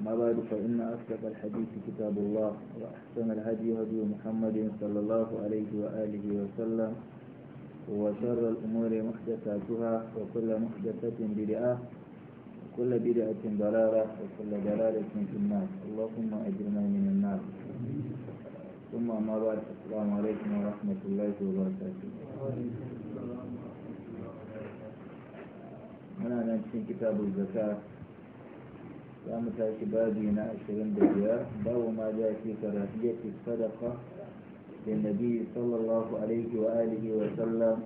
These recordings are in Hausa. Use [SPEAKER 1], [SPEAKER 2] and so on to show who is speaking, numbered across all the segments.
[SPEAKER 1] أما بعد فإن أصدق الحديث كتاب الله وأحسن الهدي هدي محمد صلى الله عليه وآله وسلم وشر الأمور محدثاتها وكل محدثة بدعة وكل بدعة ضلالة وكل ضلالة في النار اللهم أجرنا من النار ثم أما بعد السلام عليكم ورحمة الله وبركاته هنا نمشي كتاب الزكاة ya mutaki babi na 25 babu ma za fi karatiyyati sadaka da nabi sallallahu alaihi wa alihi wa sallam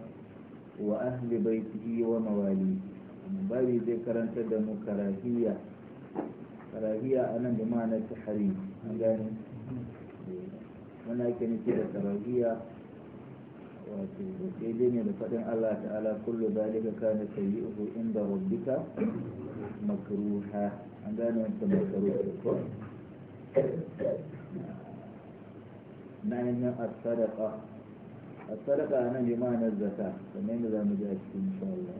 [SPEAKER 1] wa ahli baitihi wa mawali babi zai karanta da mu a nan da ma'anar tahari an gani eh, wani ake nufi da karahiyya وكيدين يبقى الله تعالى كل ذلك كان سيئه عند ربك مكروها عندنا انت مكروه ما نعم، هي الصدقة الصدقة أنا جمعنا الزكاة فمين ذا مجاشك إن شاء الله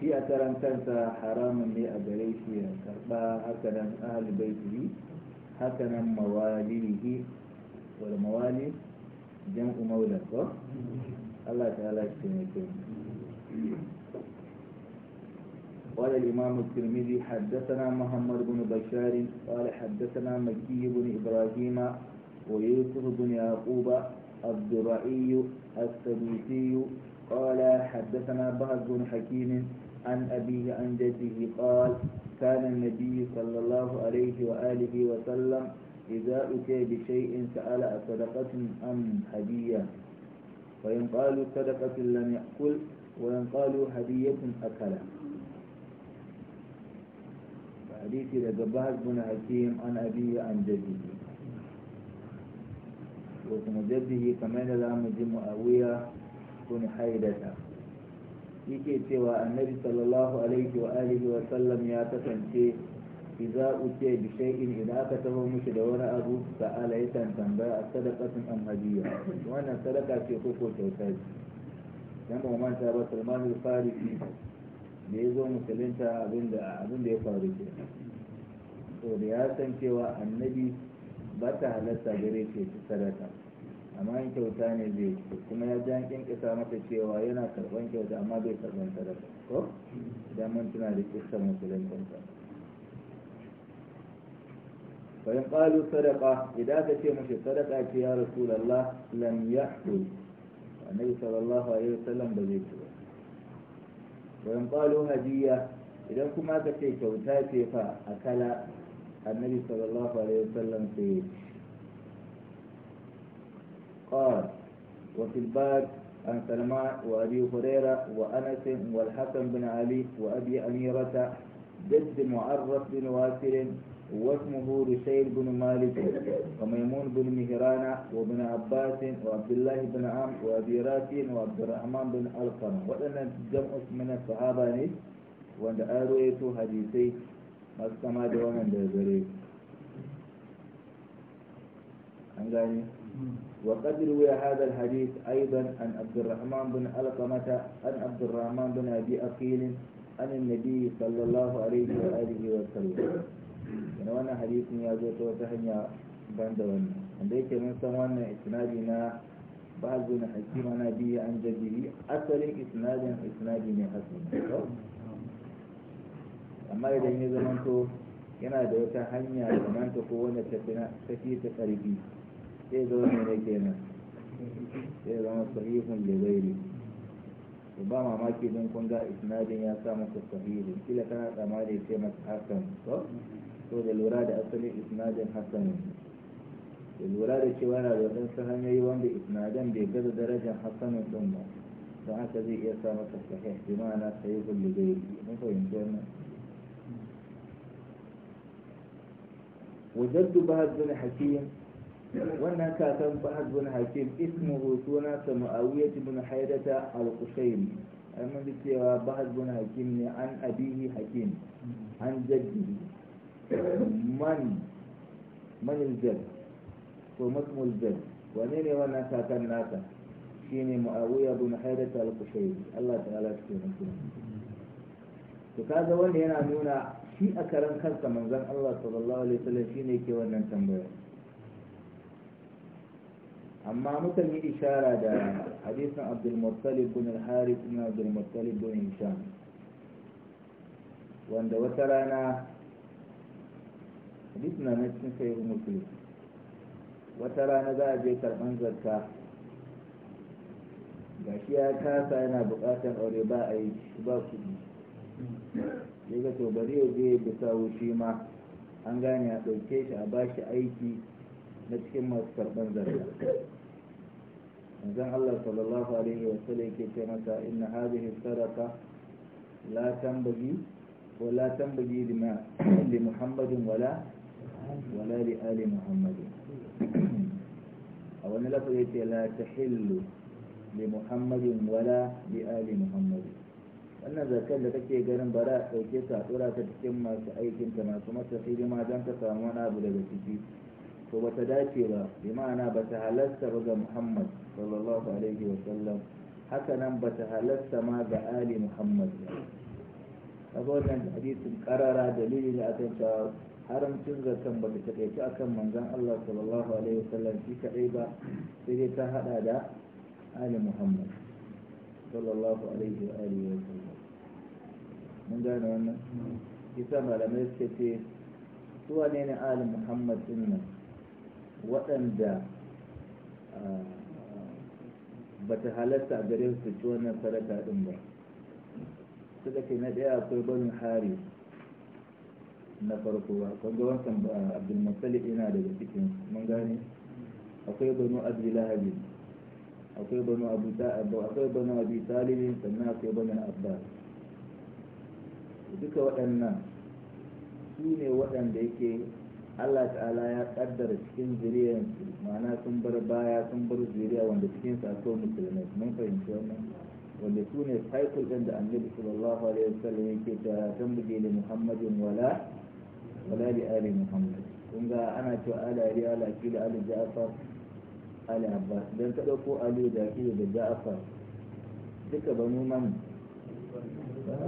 [SPEAKER 1] في أترى كانت حراما لي أبريك يا كربا هكذا أهل بيته هكذا مواليه ولا مواليه jam'u maulan ko Allah ta'ala shi ne ke قال الإمام الترمذي حدثنا محمد بن بشار قال حدثنا مكي بن إبراهيم ويوسف بن يعقوب الزرعي السدوسي قال حدثنا بهز بن حكيم عن أبيه عن جده قال كان النبي صلى الله عليه وآله وسلم إذا أتي بشيء سأل أصدقة أم هدية وإن قالوا صدقة لم يأكل وإن قالوا هدية أكل حديث لجبهز بن حكيم عن أبي عن جده وكما جده كمان لا مجمع أوية بن حيدة يكي cewa النبي صلى الله عليه وآله وسلم ياتفن ya idza utiya bi shay'in idan aka taho mishi da wani abu sa'ala yakan tambaya a sadaqatin am hadiyya wannan sadaka ce ko ko kyauta ce dan ba manta ba Salman al-Farisi da ya zo musulunta abinda abinda ya faru ke to da ya san cewa annabi ba ta halatta gare ce sadaka amma in kyauta ne zai kuma ya ja an kinkisa mata cewa yana karban kyauta amma bai karban sadaka ko idan mun tuna da kissan musulunta فإن قالوا سرقة إذا كتير في سرقة يا رسول الله لم يحصل النبي صلى الله عليه وسلم بذيك وإن قالوا هدية إذا كما في كوتاتي فأكل النبي صلى الله عليه وسلم في قال وفي الباب عن سلمان وأبي هريرة وأنس والحسن بن علي وأبي أميرة جد معرف بن واسر واسمه رسيل بن مالك وميمون بن مهران وابن عباس وعبد الله بن عم وابي رافع وعبد الرحمن بن القمة وانا جمع من الصحابة وانا أرويت حديثي ما كما دوانا دابري وقد روي هذا الحديث أيضا عن عبد الرحمن بن القمة عن عبد الرحمن بن أبي أقيل عن النبي صلى الله عليه وآله وسلم da wannan hadisin ya zo ta wata hanya ban da wani wanda yake mun san wannan isnadi na bazu na hakima na biyu an jajiri asalin isnadin isnadi ne hasan amma idan ya zama to yana da wata hanya zaman ta ko wanda ta fi ta karbi sai zo ne da kenan sai zama sahihun da to ba mamaki don kunga ga isnadin ya sa maka sahihun kila kana tsammani sai maka hakan to so da lura da asalin isnadin hasan da lura da cewa yana da waɗansu hanyoyi wanda isnadan bai gaza darajar hasanin ba don haka zai iya sa masa sahih bi ma'ana sahihul ligairi mun fahimci wannan وجد بهز بن حكيم wannan kakan fahad bin hakim ismuhu sunansa mu'awiyah bin haidata al-qushaym amma cewa bahad bin hakim ne an abihi hakim an jaddihi man manil jal ko masmul jal wane ne wannan kakan nasa ne ma'awuyar bin haidat al-qushayri Allah ta'ala ta taimake to kaga wanda yana nuna shi a karan kansa manzon Allah sallallahu alaihi wasallam ne ke wannan tambaya amma mukan yi ishara da hadisin Abdul Muttalib bin al-Harith bin Abdul Muttalib bin Hisham wanda wata rana hadisin na cikin sai muslim wata rana za a je karban zakka gashi ya kasa yana buƙatar aure ba a yi ba kuɗi ya ga to bari ya je bisa wuce ma an gane a ɗauke shi a ba shi aiki na cikin masu karɓar zarga manzon Allah sallallahu alaihi wa sallam yake ce masa inna hadhihi sadaqa la tambagi wa la tambagi li Muhammadin wala ولا لآل محمد أو أن لفظ لا تحل لمحمد ولا لآل محمد wannan zakar da kake ganin ba za a ɗauke ta a tsura cikin masu aikinta masu masa hidima don ka samu wani abu daga ciki to ba ta dace ba bi ma'ana ba ta halasta ba ga muhammad sallallahu alaihi wa sallam haka nan ba ta halasta ma ga ali muhammad ba kaga wannan hadisin karara dalilin da aka haramcin zakan ba ta taƙaice akan manzon Allah sallallahu alaihi wasallam shi kaɗai ba sai dai ta haɗa da ali Muhammad sallallahu alaihi wa alihi wa sallam mun gane wannan kisa malamai suka ce su wane ne ali Muhammad din nan waɗanda ba ta halatta a gare su ci wannan sadaka ɗin ba suka ce na ɗaya akwai banu haris na farko ba kwanga wancan abdulmuttalib yana daga cikin mun gane akwai banu abdullahi akwai banu abu akwai banu abi talib sannan akwai banu abbas duka waɗannan su ne waɗanda yake Allah ta'ala ya kaddara cikin zuriyarsu ma'ana sun bar baya sun bar zuriya wanda cikin sa akwai musulmai mun fahimci wannan wanda su ne cycle ɗin da annabi sallallahu alaihi wasallam yake ta tambaye da muhammadin wala wala bi ali muhammad kun ga ana cewa ala ali ala da ali ja'far ali abbas dan ka dauko ali da ki da ja'far duka ba mu man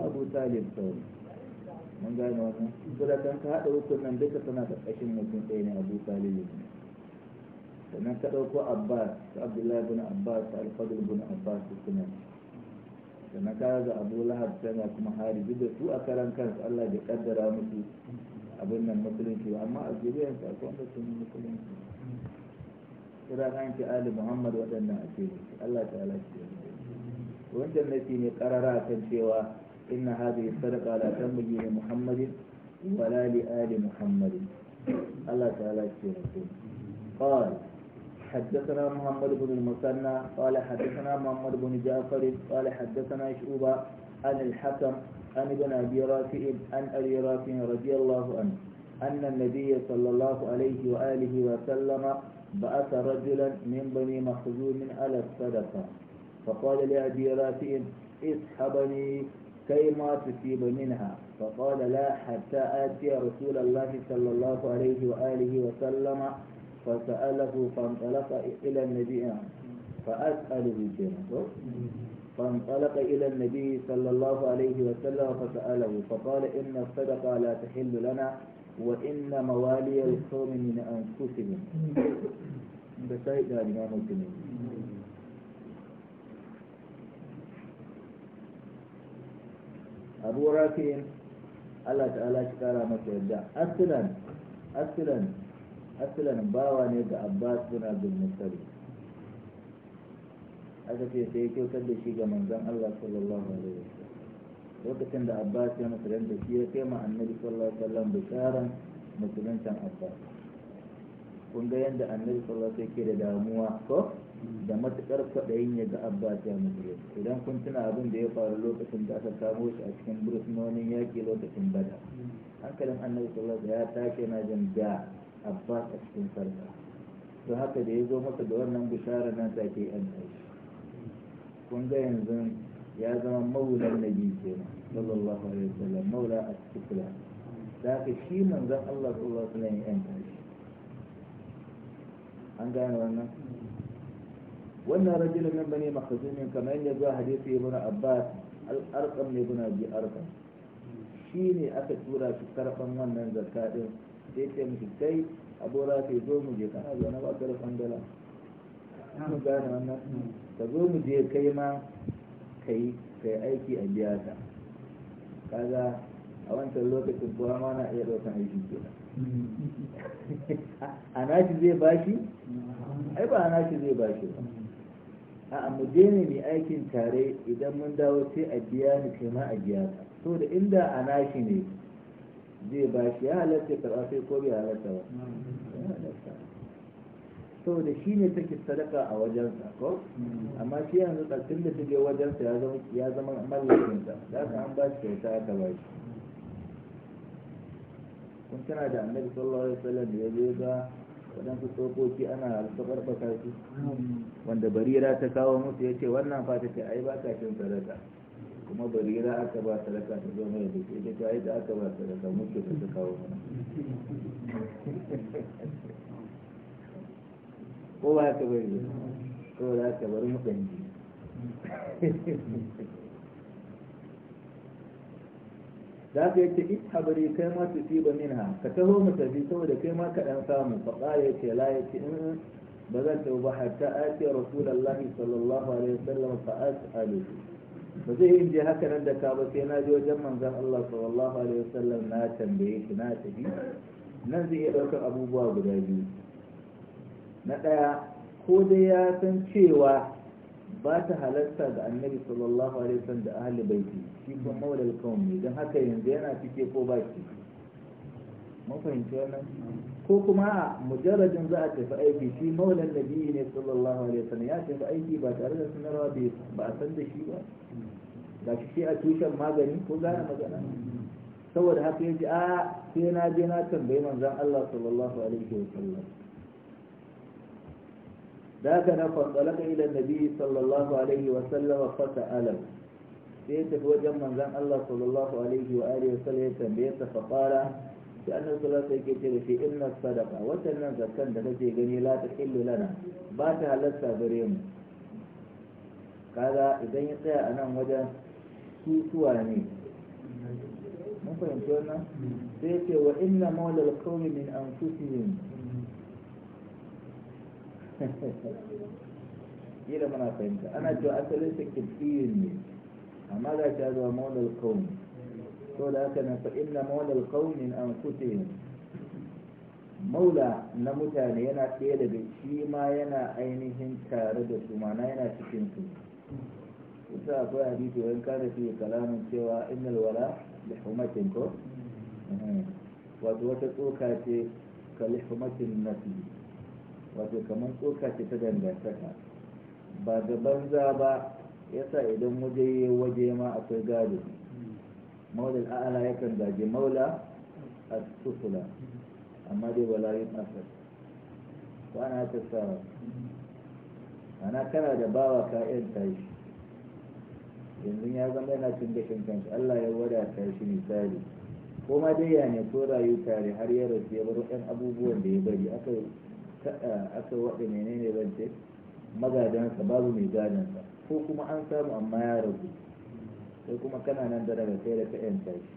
[SPEAKER 1] abu talib to mun gane wannan to da kan ka hada nan duka tana da kashin mutum ɗaya ne abu talib ne sannan ka ɗauko abbas ta abdullahi bin abbas ta fadl bin abbas kuma sunan sannan ka ga abu lahab sai kuma hari duk da su a karan kansu allah ya kaddara musu abin nan musulunci amma a zuriyar sa akwai wanda sun musulunci kira kan ki ali muhammad waɗannan a ce allah ta'ala ce wancan nasi ne karara kan cewa inna hadhihi sadaqa la li muhammadin li ali muhammadin حدثنا محمد بن المثنى قال حدثنا محمد بن جعفر قال حدثنا شعوبة عن الحكم عن ابن أبي رافع عن أبي رافع رضي الله عنه أن النبي صلى الله عليه وآله وسلم بعث رجلا من بني مخزوم على الصدقة فقال لأبي رافع اصحبني كي ما تصيب منها فقال لا حتى آتي رسول الله صلى الله عليه وآله وسلم فسأله فانطلق إلى النبي فأسأله الجنة فانطلق إلى النبي صلى الله عليه وسلم فسأله فقال إن الصدقة لا تحل لنا وإن موالي القوم من أنفسهم بسيطة الإمام الجنين أبو راكين الله تعالى شكرا ما masa yadda asilan asilan باوانيك bawa بن عبد Abbas aka ce sai kyautar da shi ga manzon Allah sallallahu alaihi wasallam lokacin da Abbas ya da shi ya kai ma annabi sallallahu alaihi wasallam bisharan musuluntan Abbas kun ga yadda annabi sallallahu alaihi wasallam yake da damuwa ko da matukar kwaɗayin ya ga Abbas ya musulunta idan kun tuna abin da ya faru lokacin da aka samu shi a cikin ya ke lokacin bada hankalin annabi sallallahu alaihi wasallam ya tashi na jin da Abbas a cikin sarka to haka da ya zo masa da wannan bishara nan take an tashi kun ga yanzu ya zama maulan nabi kenan sallallahu alaihi wasallam maula a cikin da ka shi manzon Allah sallallahu alaihi wasallam ya yanta shi an gane wannan wannan rajulun min bani makhzumin kamar yadda zuwa hadisi ibn abbas al-arqam ne ibn abi arqam shi ne aka tura shi karban wannan zakka din sai ce miki kai abora sai zo mu je kana zo na ba ka da kwandala mun gane wannan ka zo mu je kai ma ka yi aiki a biya ka kaga a wancan lokacin kowa ma na iya ɗaukan aikin kenan a nashi zai bashi ai ba a nashi zai bashi ba a mu je ne mai aikin tare idan mun dawo sai a biya ni kai ma a biya ka to da inda a nashi ne zai bashi ya halatta karɓa sai ko bai halatta ba da shi ne take sadaka a wajensa ko hmm. amma shi yanzu tsakin da take wajensa ya zama ya zama mallakinsa da ka an ba shi kyauta aka ba shi kun tana da annabi sallallahu alaihi wasallam da ya zo ga waɗansu tsokoki ana alfaɓarɓaka su hmm. wanda barira ta kawo musu ya ce wannan fata ce ai ba cin sadaka kuma barira aka ba sadaka ta zo mai duk ita ta ai da aka ba sadaka muke ta kawo mana ko ba ka bari ko za ka bari mutan ji za ka yace it habari kai ma su ba min ha ka taho mu tafi saboda kai ma ka dan samu fa qala yace la yace in mm, mm, ba zan tafi ba hatta ati rasulullahi sallallahu alaihi wasallam fa as'aluhu ba zai yi haka nan da ka ba sai na je wajen manzan Allah sallallahu alaihi wasallam na tambaye shi na tafi nan zai iya ɗaukar abubuwa guda biyu na ɗaya ko dai ya san cewa ba ta halarta ga annabi sallallahu alaihi wasallam da ahli baiti shi kuma maulal kawmi don haka yanzu yana cike ko ba shi mun fahimci wannan ko kuma a mujarradin za a tafi aiki shi maulan nabi ne sallallahu alaihi wasallam ya tafi aiki ba tare da sanarwa ba a san da shi ba ga shi a tushen magani ko gane magana saboda haka yaji a sai na je na tambayi manzon Allah sallallahu alaihi wasallam da haka na fanzalaka ila nabi sallallahu alaihi wa sallama fata alam sai ya tafi wajen manzan Allah sallallahu alaihi wa alihi wa sallam ya tambaye ta fa da sai annabi sallallahu alaihi yake cewa fi inna sadaqa wannan zakkan da kake gani la ta illu lana ba ta halatta gare mu kaga idan ya tsaya a nan wajen suwa ne mun fahimci wannan sai ce wa inna mawlal qawmi min anfusihim kila muna fahimta ana cewa asalin su kifiyun ne amma za ta zuwa maunar kawun so da aka na fa inna maulal qaum min anfusihim maula na mutane yana ɗaya daga shi ma yana ainihin tare da su mana yana cikin su kusa akwai hadisi wani kada fi kalamin cewa innal wala da humatin ko wato wata tsoka ce ka lihumatin nafi wato kamar tsoka ce ta dangantaka ba da banza ba yasa idan waje ya waje ma akwai gado maula al'ala kan gaji maula a sufula amma dai ba layin asar ba na ta sawa ana kana da bawa ka yan tashi yanzu ya zama yana cin gashin kanshi Allah ya wadata tashi misali ko ma dai ya ne ko rayu tare har ya rasu ya bar 'yan abubuwan da ya bari aka aka waɗa menene zan ce magadansa babu mai gadansa ko kuma an samu amma ya ragu? sai kuma kana nan da daga sai da ka yanta shi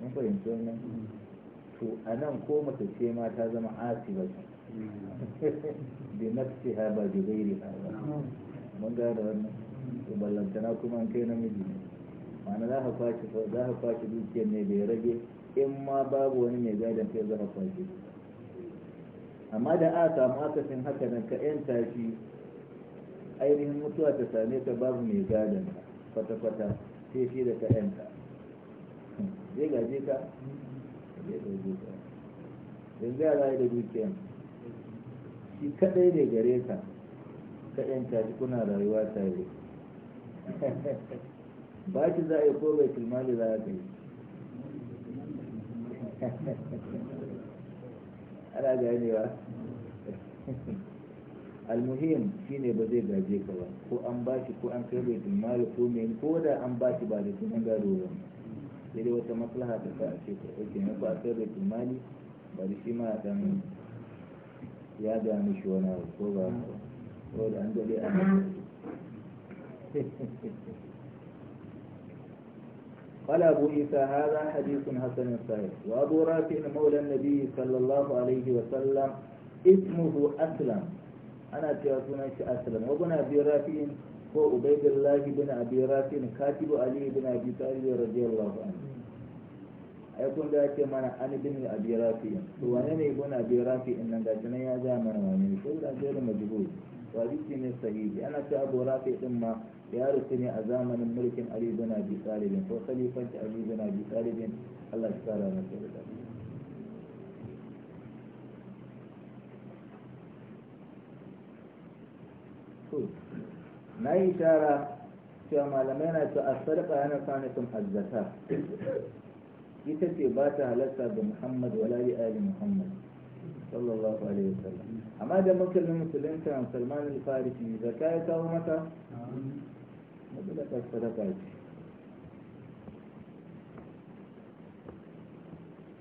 [SPEAKER 1] mun fahimci wannan to a nan ko mata ce ma ta zama ba ce bi nafsi ha ba bi gairi ha ba mun gane wannan to ballantana kuma an kai namiji ne ma'ana za ka kwashe za ka kwashi dukiyar ne bai rage in ma babu wani mai gadan kai za ka kwashi amma da aka samu akasin haka nan ka yan tashi ainihin mutuwa ta same ta babu mai gadon kwata-kwata sai shi da ka yanta zai gaje ka zai gaje ka yanzu yara da dukiyan shi kadai ne gare ka ka yan tashi kuna rayuwa tare ba shi za a yi ko bai tilmali za a yi ana ganewa almuhim shine ba zai gaje ka ba ko an bashi ko an kai bai mali ko ko da an bashi ba da sunan gado ba sai dai wata maslaha ta sa a ce ka ɗauke na ba a kai bai ba da shi ma a ɗan ya ga mishi wani abu ko ba ko da an daɗe a قال أبو عيسى هذا حديث حسن صحيح وأبو na مولى النبي صلى alaihi wa sallam. ismuhu aslam ana cewa sunan shi aslam wa guna bi rafi'in ko ubaidullahi bin abi rafi'in katibu ali bin abi talib radiyallahu anhu ai kun da yake mana an bin abi rafi'in to wane ne ibn abi rafi'in nan gashi nan ya ga mana wani ne sai da dole majhul hadisi ne sahihi ana cewa abu rafi din ma ya rufe ne a zamanin mulkin ali bin abi talib ko khalifanci ali bin abi talib Allah ya kara masa da na yi shara, cewa malamai na cewa a sarƙa yana kwanakun azzata ita ce ba ta halatta ga muhammad wala yi ali muhammad sallallahu alaihi wasallam amma da makalin musulunta salman al-farisi zakka ya kawo mata da sadaka ce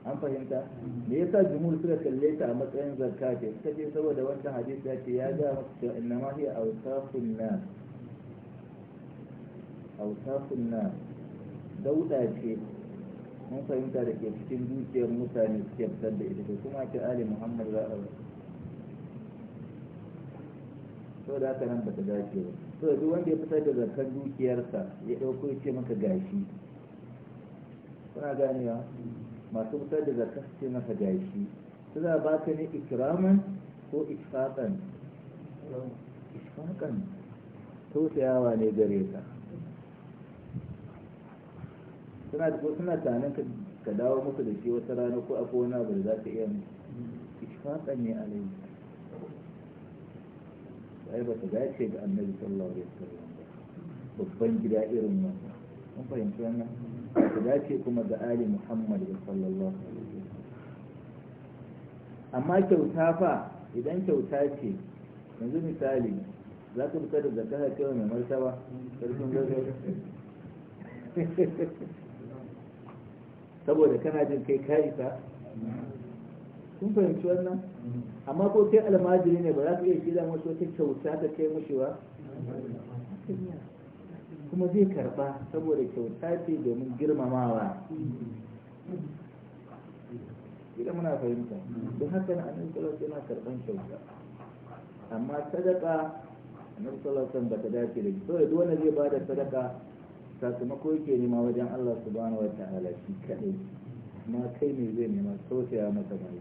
[SPEAKER 1] an fahimta me yasa jumhur suka kalle ta a matsayin zakka ce suka ce saboda wancan hadisi ya ce ya ga musu cewa inna ma hiya awsafun nas awsafun nas dauda ce mun fahimta da ke cikin dukiyar mutane suke fitar da ita kuma ce ali muhammad za a so da haka nan ba ta dace ba so duk wanda ya fitar da zakkan dukiyarsa ya ɗauko ya ce maka gashi kuna ganewa masu fitar da zakka su ce masa gashi suna ba ta ne ikiramin ko isfaqan isfaqan tausayawa ne gare ka suna ko suna tanan ka dawo muku da shi wata rana ko a wani abu za ka iya musu isfaqan ne alai ai ba ta dace ga annabi sallallahu alaihi wasallam babban gida irin wannan mun fahimci wannan da dace kuma da ali muhammad sallallahu alaihi amma kyauta fa idan kyauta ce yanzu misali za ku fita da zakara kyau mai martaba karfin gaggawa saboda kana jin kai ka kun fahimci wannan amma ko kai almajiri ne ba za ka iya shida masu wata kyauta ta kai mushi ba kuma zai karba saboda kyauta ce domin girmamawa idan muna fahimta don haka na annabi sallallahu alaihi yana karban kyauta amma sadaka annabi sallallahu alaihi bata dace da shi saboda wanda zai bada sadaka sakamako yake nema wajen Allah subhanahu wa ta'ala shi kadai amma kai ne zai nema tausaya maka bai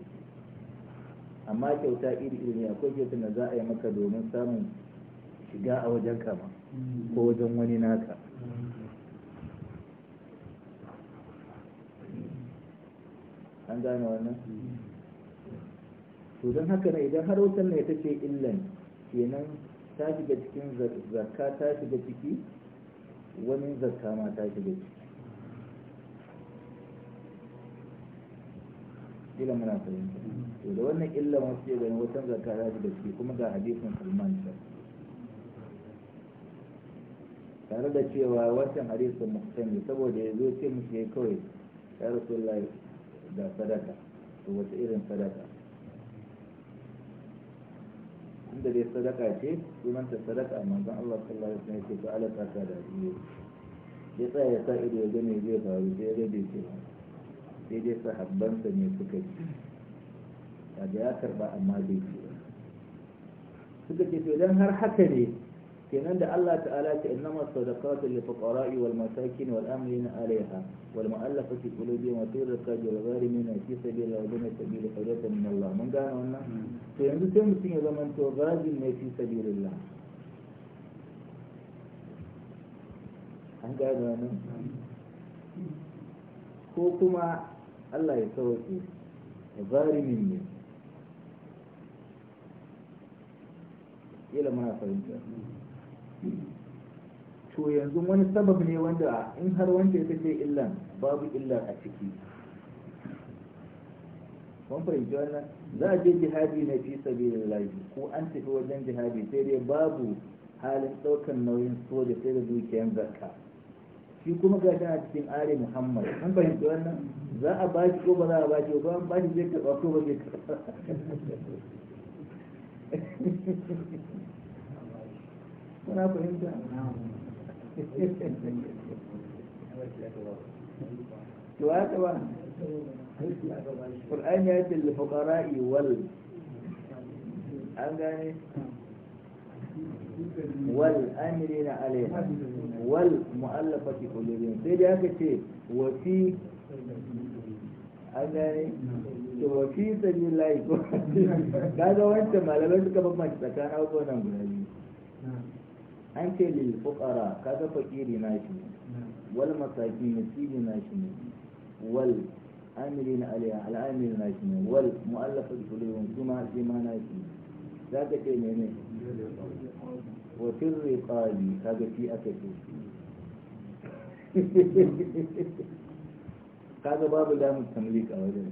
[SPEAKER 1] amma kyauta iri iri ne akwai kyautar da za a yi maka domin samun shiga a wajen kama ko wajen wani naka an gane wannan to don haka ne idan har wutar ne ta ce illan kenan ta shiga cikin zakka ta shiga ciki wani zakka ma ta shiga ciki ila muna fahimta to da wannan illan wasu ya gani wata zakka ta shiga ciki kuma ga hadisin salman shi tare da cewa wancan hadisin muhtami saboda ya zo ce musu ya kawai ya rasu da sadaka to wata irin sadaka inda dai sadaka ce sunanta sadaka manzon Allah sallallahu alaihi wasallam ya ce to ala ta da biyu ya tsaya ya sa ido ya ga me zai faru sai ya rabe ce sai dai sahabbansa ne suka ci kaga ya karba amma bai ci suka ce to idan har haka ne kenan da Allah ta'ala ta innama sadaqatu lil fuqara'i wal masakin wal amilina 'alayha wal mu'allafati qulubi wa fil rakabi wal gharimin fi sabilillah wa dun sabili min Allah mun gane wannan hmm. to yanzu sai mutum ya zama to gharin ne fi sabilillah an gane wannan hmm. ko kuma Allah ya sauki gharimin ne ila ma fahimta hmm. to yanzu wani sabab ne wanda in har wanda ya ce illan babu illar a ciki Kuma fahimci wannan za a je jihadi na fi sabilillahi ko an tafi wajen jihadi sai dai babu halin ɗaukar nauyin soja sai da dukiyar zakka shi kuma ga shi a cikin ari muhammad an fahimci wannan za a ba shi ko ba za a ba shi ko an ba shi zai karɓa ko ba zai karɓa ولا فهمت سؤال سؤال القرآن يأتي للفقراء وال أمداني يعني؟ والأمرين عليه والمؤلفة كلهم سيد يا كتير وفي أمداني يعني؟ وفي سبيل الله هذا وانت ما لبسك بمشتك أنا أقول نعم an ce lil fuqara kaga fakiri na shi ne wal masaki nasibi na shi ne wal amiri na aliya al'amiri na shi ne wal mu'allafa kulubun kuma shi ma na shi ne zaka ce mene wa fil riqabi kaga fi aka ce kaga babu damu tamlik a wajen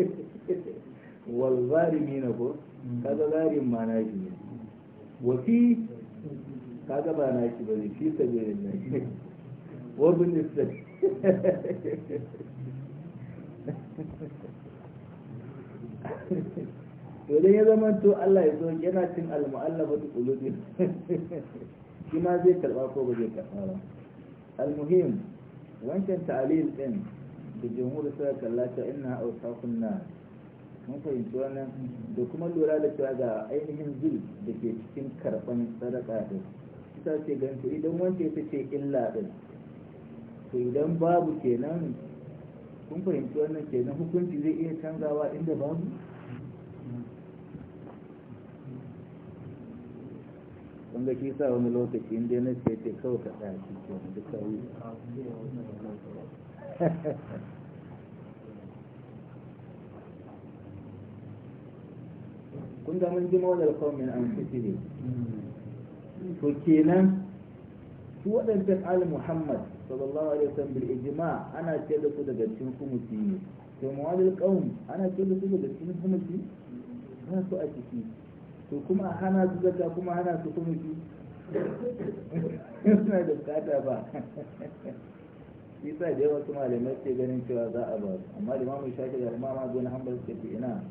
[SPEAKER 1] wal na ko kaga zalim ma na shi ne wafi ka gaba na shi bane fi sabilin na wa bin islam to dai ya zama to Allah ya zo yana cin al-mu'allafa tu qulubi shi ma zai karba ko ba zai karba ba al-muhim wancan ta'alil din da jumhur sai kallata inna awsaqun nas mun fahimci wannan da kuma lura da cewa ga ainihin zil da ke cikin karɓan sadaka da ita ce ganta idan wanda ya ce illa din to idan babu kenan kun fahimci wannan kenan hukunci zai iya canzawa inda babu wanda ke sa wani lokaci inda na ce kawai ka ɗaya cikin wani duka wuyi kun ga mun ji mawalal qaumin an fitini to kenan su waɗancan Ali muhammad sallallahu alaihi wasallam bil ijma ana ce da su daga cikin kumuti ne to mawalal qaum ana ce da su daga cikin kumuti ba su a ciki to kuma hana su zakka kuma hana su kumuti suna da bukata ba shi sa da yawa su malamai ke ganin cewa za a ba amma limamin shafi da imamu abu na hanbal suke ina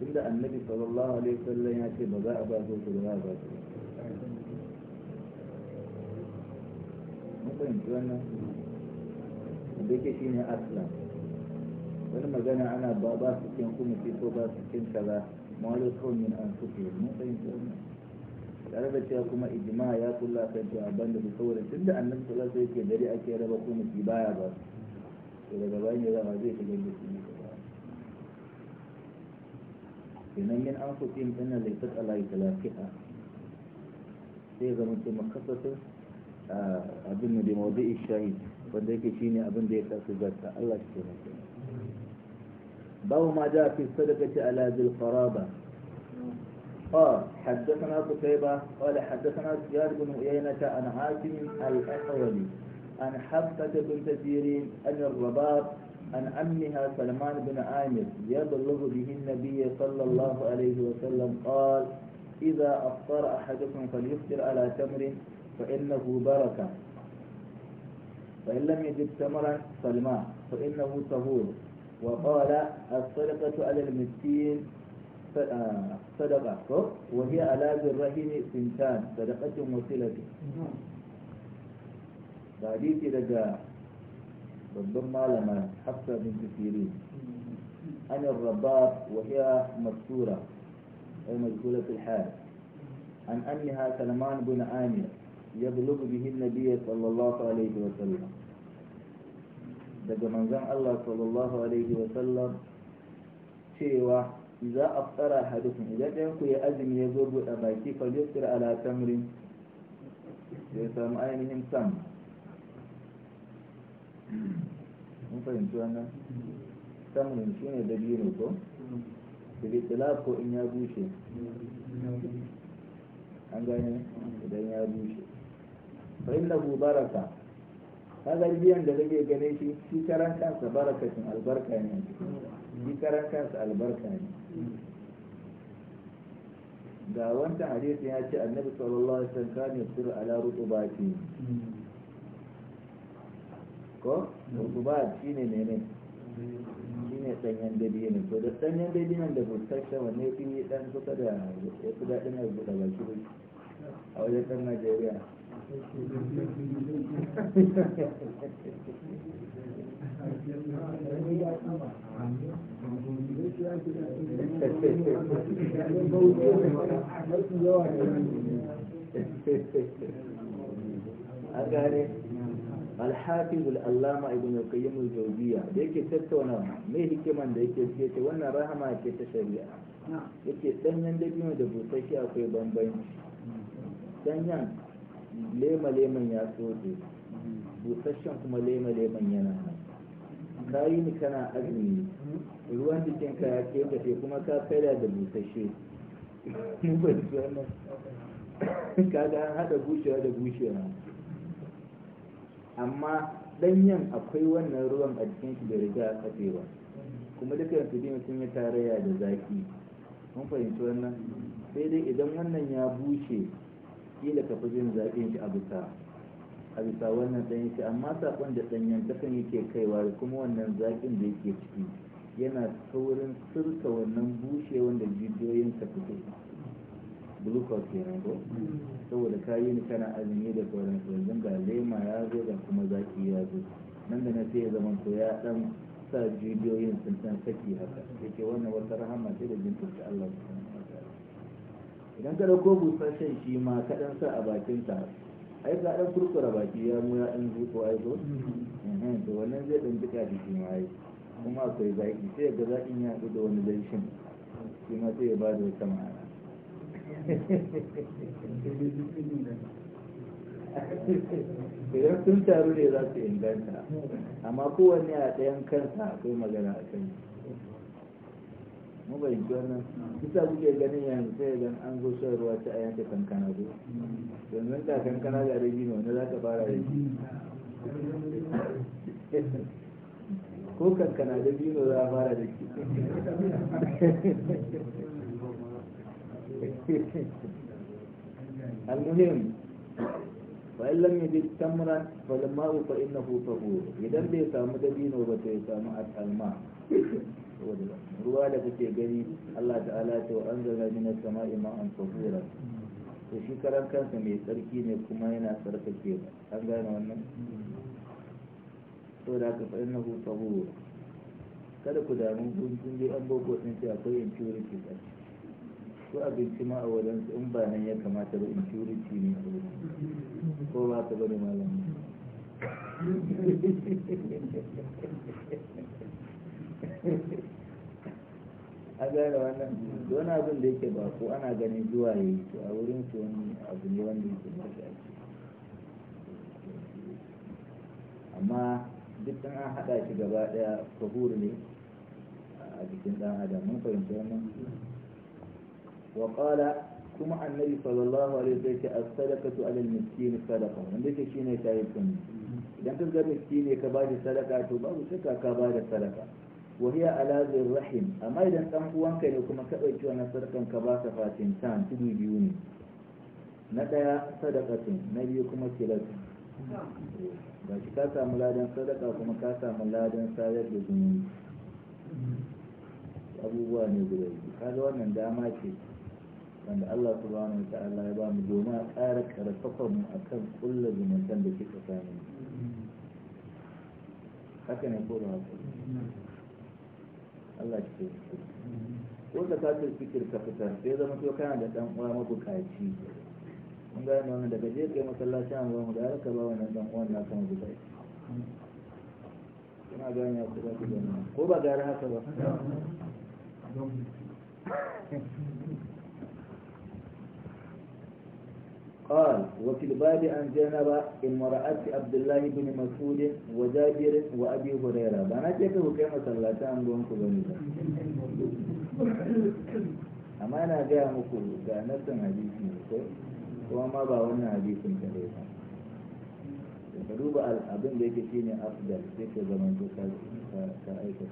[SPEAKER 1] tunda annabi sallallahu alaihi wasallam ya ce ba za a ba su su ba za su mun fahimci wannan da yake ne aslan wani magana ana ba ba su cin kuma ko ba su cin kaza mawalu kawai min an suke mun fahimci wannan tare da cewa kuma ijma ya kula kan cewa ban da saboda tunda annabi sallallahu alaihi wasallam yake dare ake raba kuma baya ba su daga bayan ya zama zai shiga musulmi kenan min an fusi ɗin nan laifin alayi talafiha sai zama ce makasasin abin da mawadi ishahi wanda yake ne abin da ya tafi su zarta Allah shi ke mutum babu ma ja fi sadaqati ala dil qaraba قال حدثنا قتيبة قال حدثنا زياد بن عيينة عن عاصم الأحولي عن حفصة بنت سيرين أن الرباب عن عمها سلمان بن عامر يبلغ به النبي صلى الله عليه وسلم قال إذا أفطر أحدكم فليفطر على تمر فإنه بركة فإن لم يجد تمرا فالماء فإنه طهور وقال الصدقة على المسكين آه، صدقة وهي على ذي الرحيم سنتان صدقة وصلة حديث نعم. babban malama hafsa bin kafiri an rabab wa hiya mastura ay majhula fil hal an annaha salman bin amir yablughu bihi an-nabiy sallallahu alaihi wa sallam daga manzan Allah sallallahu alaihi wa sallam cewa idza tsara hadithun idan ɗayan ku ya azumi ya zo buɗe baki fa yusir ala tamrin ya samu ainihin sam mun fahimci wannan samun shi ne dabino ko da ko in ya bushe an gane idan ya bushe fa bu baraka kaga biyan da kake gane shi shi karan kansa barakatun albarka ne shi karan kansa albarka ne ga wancan hadisi ya ce annabi sallallahu alaihi wasallam kan yusir ala rutubati ko rukubat shi ne ne shine danyen dabino to da danyen dabinon da busasshe wanne fi dan kusa da ya fi daɗin a buɗe baki ba a wajen ɗan najeriya an gane الحافظ الألامة ابن القيم الجوزية يكي تتونا مي هكمان ده يكي تيتي وانا رحمة يكي تشريعة يكي تهنين ده بيما ده بوسيكي أكوي بمبين تهنين لما لما ياسوتي busasshen kuma lema-leman yana nan kayi ni kana azumi ruwan jikinka ya ke kafe kuma ka kaida da busasshe mun bai su wannan kaga an haɗa bushewa da bushewa amma ɗanyen akwai wannan ruwan a cikin shi da riga a kafewa kuma duka su biyu sun yi tarayya da zaki mun fahimci wannan sai dai idan wannan ya bushe kila ka fi jin zaƙin shi a bisa a bisa wannan ɗanyen shi amma saƙon da ɗanyen takan yake kaiwa da kuma wannan zaƙin da yake ciki yana saurin sirka wannan bushewan da jijiyoyin ta fito glucose kenan ko saboda kayi ni kana azumi da sauran yanzu ga lema ya zo ga kuma zaki ya zo nan da na ce zaman ko ya dan sa jijiyoyin sun san saki haka yake wannan wata rahama ce da jin ta Allah idan ka dauko busasshen shi ma ka dan sa a bakin ta ai ka dan kurkura baki ya mu ya dan zuko ai ko to wannan zai dan duka jiki ma ai kuma akwai zaki sai ga zakin ya da wani laifin shi ma sai ya bada wata ma'ana sun taru ne za su inganta amma kowanne a ɗayan kansa akwai magana a kai mabayanci wannan kusa kuke ganin yanzu sai idan an zo shan ruwa ta a yanke kankana zo yanzu da kankana ga rigi ne wanda za ka fara yi ko kankana da biyu za a fara da shi
[SPEAKER 2] المهم
[SPEAKER 1] فإن لم يجد تمرا فالماء فإنه طهور إذا بي سامو دبينو بتي سامو الماء ruwa da kake gani Allah ta'ala ce wa anzala min as-sama'i ma'an tahura to shi karan kansa mai tsarki ne kuma yana tsarkake an gane wannan kada ku damu kun je an boko din sai akwai impurity a ciki ko abinci ma a wajen in ba nan ya kamata ba insurity ne a wajen ko ba ta bane malam a gane wannan wani abin da yake ba ko ana ganin zuwa yi to a wurin su wani abu ne wanda yake ba shi ake amma duk an haɗa shi gaba ɗaya kahur ne a jikin ɗan adam mun fahimci wannan وقال كما النبي صلى الله عليه وسلم الصدقة على المسكين صدقة من ذلك شيء يتعيكم إذا أنت تقول مسكين يكبار صدقة تباب شكا كبار صدقة وهي على ذي الرحم أما إذا تنقوا أنك rahim amma idan صدقا كبار فاتن تان تبي بيوني ندى صدقة نبيكم كلاك ba shi ka samu ladan sadaka kuma ka samu ladan sadar da zumunci abubuwa ne guda ka kaga wannan dama ce wanda Allah subhanahu wa ta'ala ya ba mu domin a ƙara karfafa mu akan kulla zumuntan da kika tsakanin haka ne ko ba haka Allah ke ko da ka fikir ka fita, sai zama to kana da dan uwa mabukaci mun ga nan daga je kai masallaci an ba mu da ka ba wannan dan uwan naka mabukaci ina gani ku ba ku ko ba gara haka ba قال وفي الباب عن جنب امرأة عبد الله بن مسعود وجابر وابي هريرة بنا كيف كما عن أنغون كبني اما انا جاء مكو جاء نفس الحديث وما با wannan hadisin da dai ba ka duba abin da yake shine afdal sai ka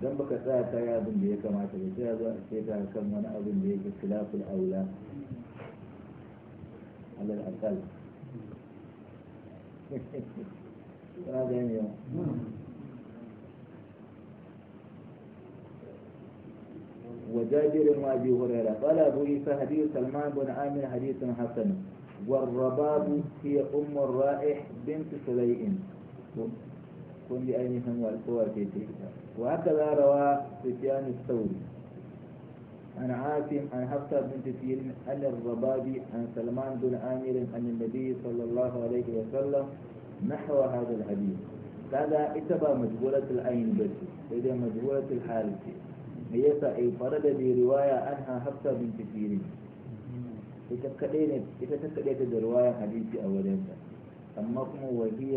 [SPEAKER 1] dan baka tsaya ta yi abin da ya kamata da sai ya zo a ce ta kan wani abin da yake khilaful aula alal akal kana gani yau وجابر وابي هريره قال ابو عيسى حديث سلمان بن عامر حديث حسن والرباب هي ام الرائح بنت سليم كن بأيهم ainihin walkowa ce ce ita wa عن عاصم عن حفصة بنت كثير عن الربابي عن سلمان بن عامر عن النبي صلى الله عليه وسلم نحو هذا الحديث هذا اتبع مجهولة العين بس إذا مجهولة الحال هي سأي فرد برواية عنها حفصة بنت كثير إذا ta kaɗai حديثي أولا أما hadisi وهي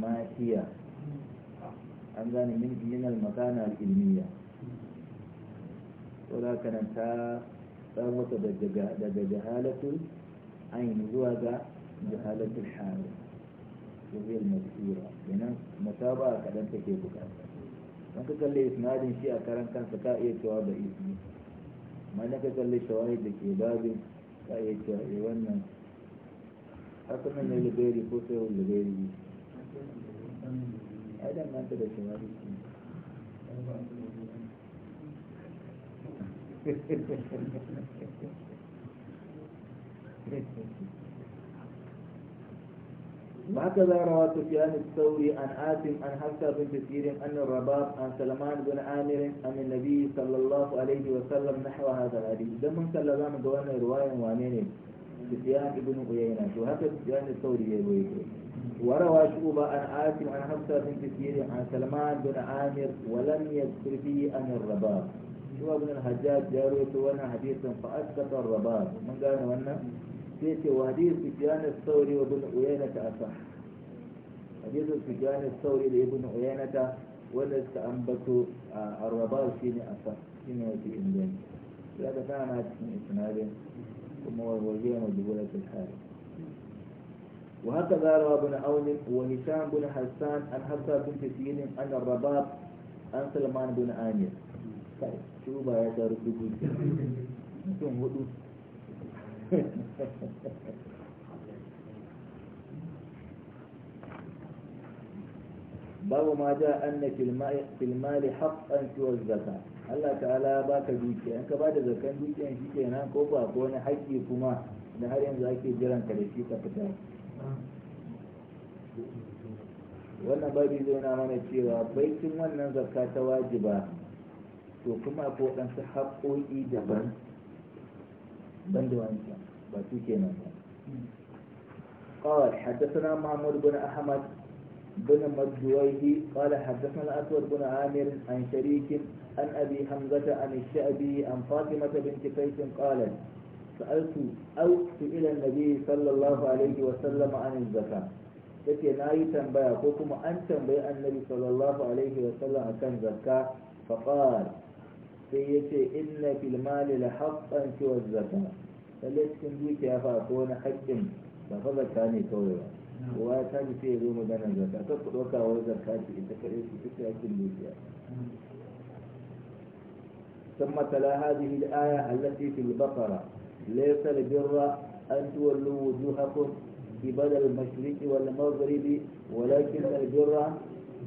[SPEAKER 1] ما هي an gane min minal magana al-ilmiya wala kana ta tsamuta daga jahalatul ainihin zuwa ga jahalatul hali zuwa yin matsira yanan matsaba a kadan take bukata don ka kalle isnadin shi a karan kansa ka iya cewa da ismi ma na ka kalle shawari da ke babin ka iya cewa a eh, wannan haka ne ya liberi ko sai wani liberi ai dan nan da shi ma وهكذا روى سفيان الثوري عن آثم عن حفصة بن كثير أن الرباب عن سلمان بن عامر أن النبي صلى الله عليه وسلم نحو هذا الحديث دم صلى الله رواية وانين سفيان بن عيينة وهكذا سفيان الثوري يقول وروى شعوبة عن عاصم عن حمزة بن كثير عن سلمان بن عامر ولم يذكر فيه عن الرباب شعوبة بن الحجاج جاروت وانا حديثا فأسقط الرباب من قال وانا سيتي وحديث سفيان الثوري وابن عيينة أصح حديث سفيان الثوري لابن عيينة ولا استأنبت الرباب شيني أصح شيني في إندونيسيا هذا كان هذا من إسنادي ثم وجهه لك الحارث وهكذا روى ابن عون وهشام بن حسان عن حفصة بنت سين عن الرباب عن سلمان بن عامر شو ما يدار babu ma ja anna fil mali haqqan siwa Allah ta'ala baka dukiya in ka ba da zakan dukiyan shi kenan ko ba ko wani haƙƙi kuma da har yanzu ake jiran ka da shi ka fita wannan babi zai na mana cewa baitin wannan zakka ta wajiba to kuma ko waɗansu haƙoƙi daban ban da wancan ba su nan ba قال حدثنا محمود بن أحمد بن مجويه قال حدثنا الأسود بن عامر عن شريك عن أبي hamzata عن الشعبي عن فاطمة بنت قيس قالت سألت أو سئل النبي صلى الله عليه وسلم عن الزكاة yace na yi tambaya ko kuma an tambayi annabi sallallahu alaihi wa sallam akan zakka fa sai yace inna fil mali la haqqan fi zakka lalle cikin dukiya fa ko wani haƙƙin ba zakka ne kawai ba kowa ya tabi sai ya zo magana zakka ta ku ɗauka zakka ce ita kaɗai ثم تلا هذه الآية التي في البقرة ليس البر أن تولوا وجوهكم قبل المشرق والمغرب ولكن البر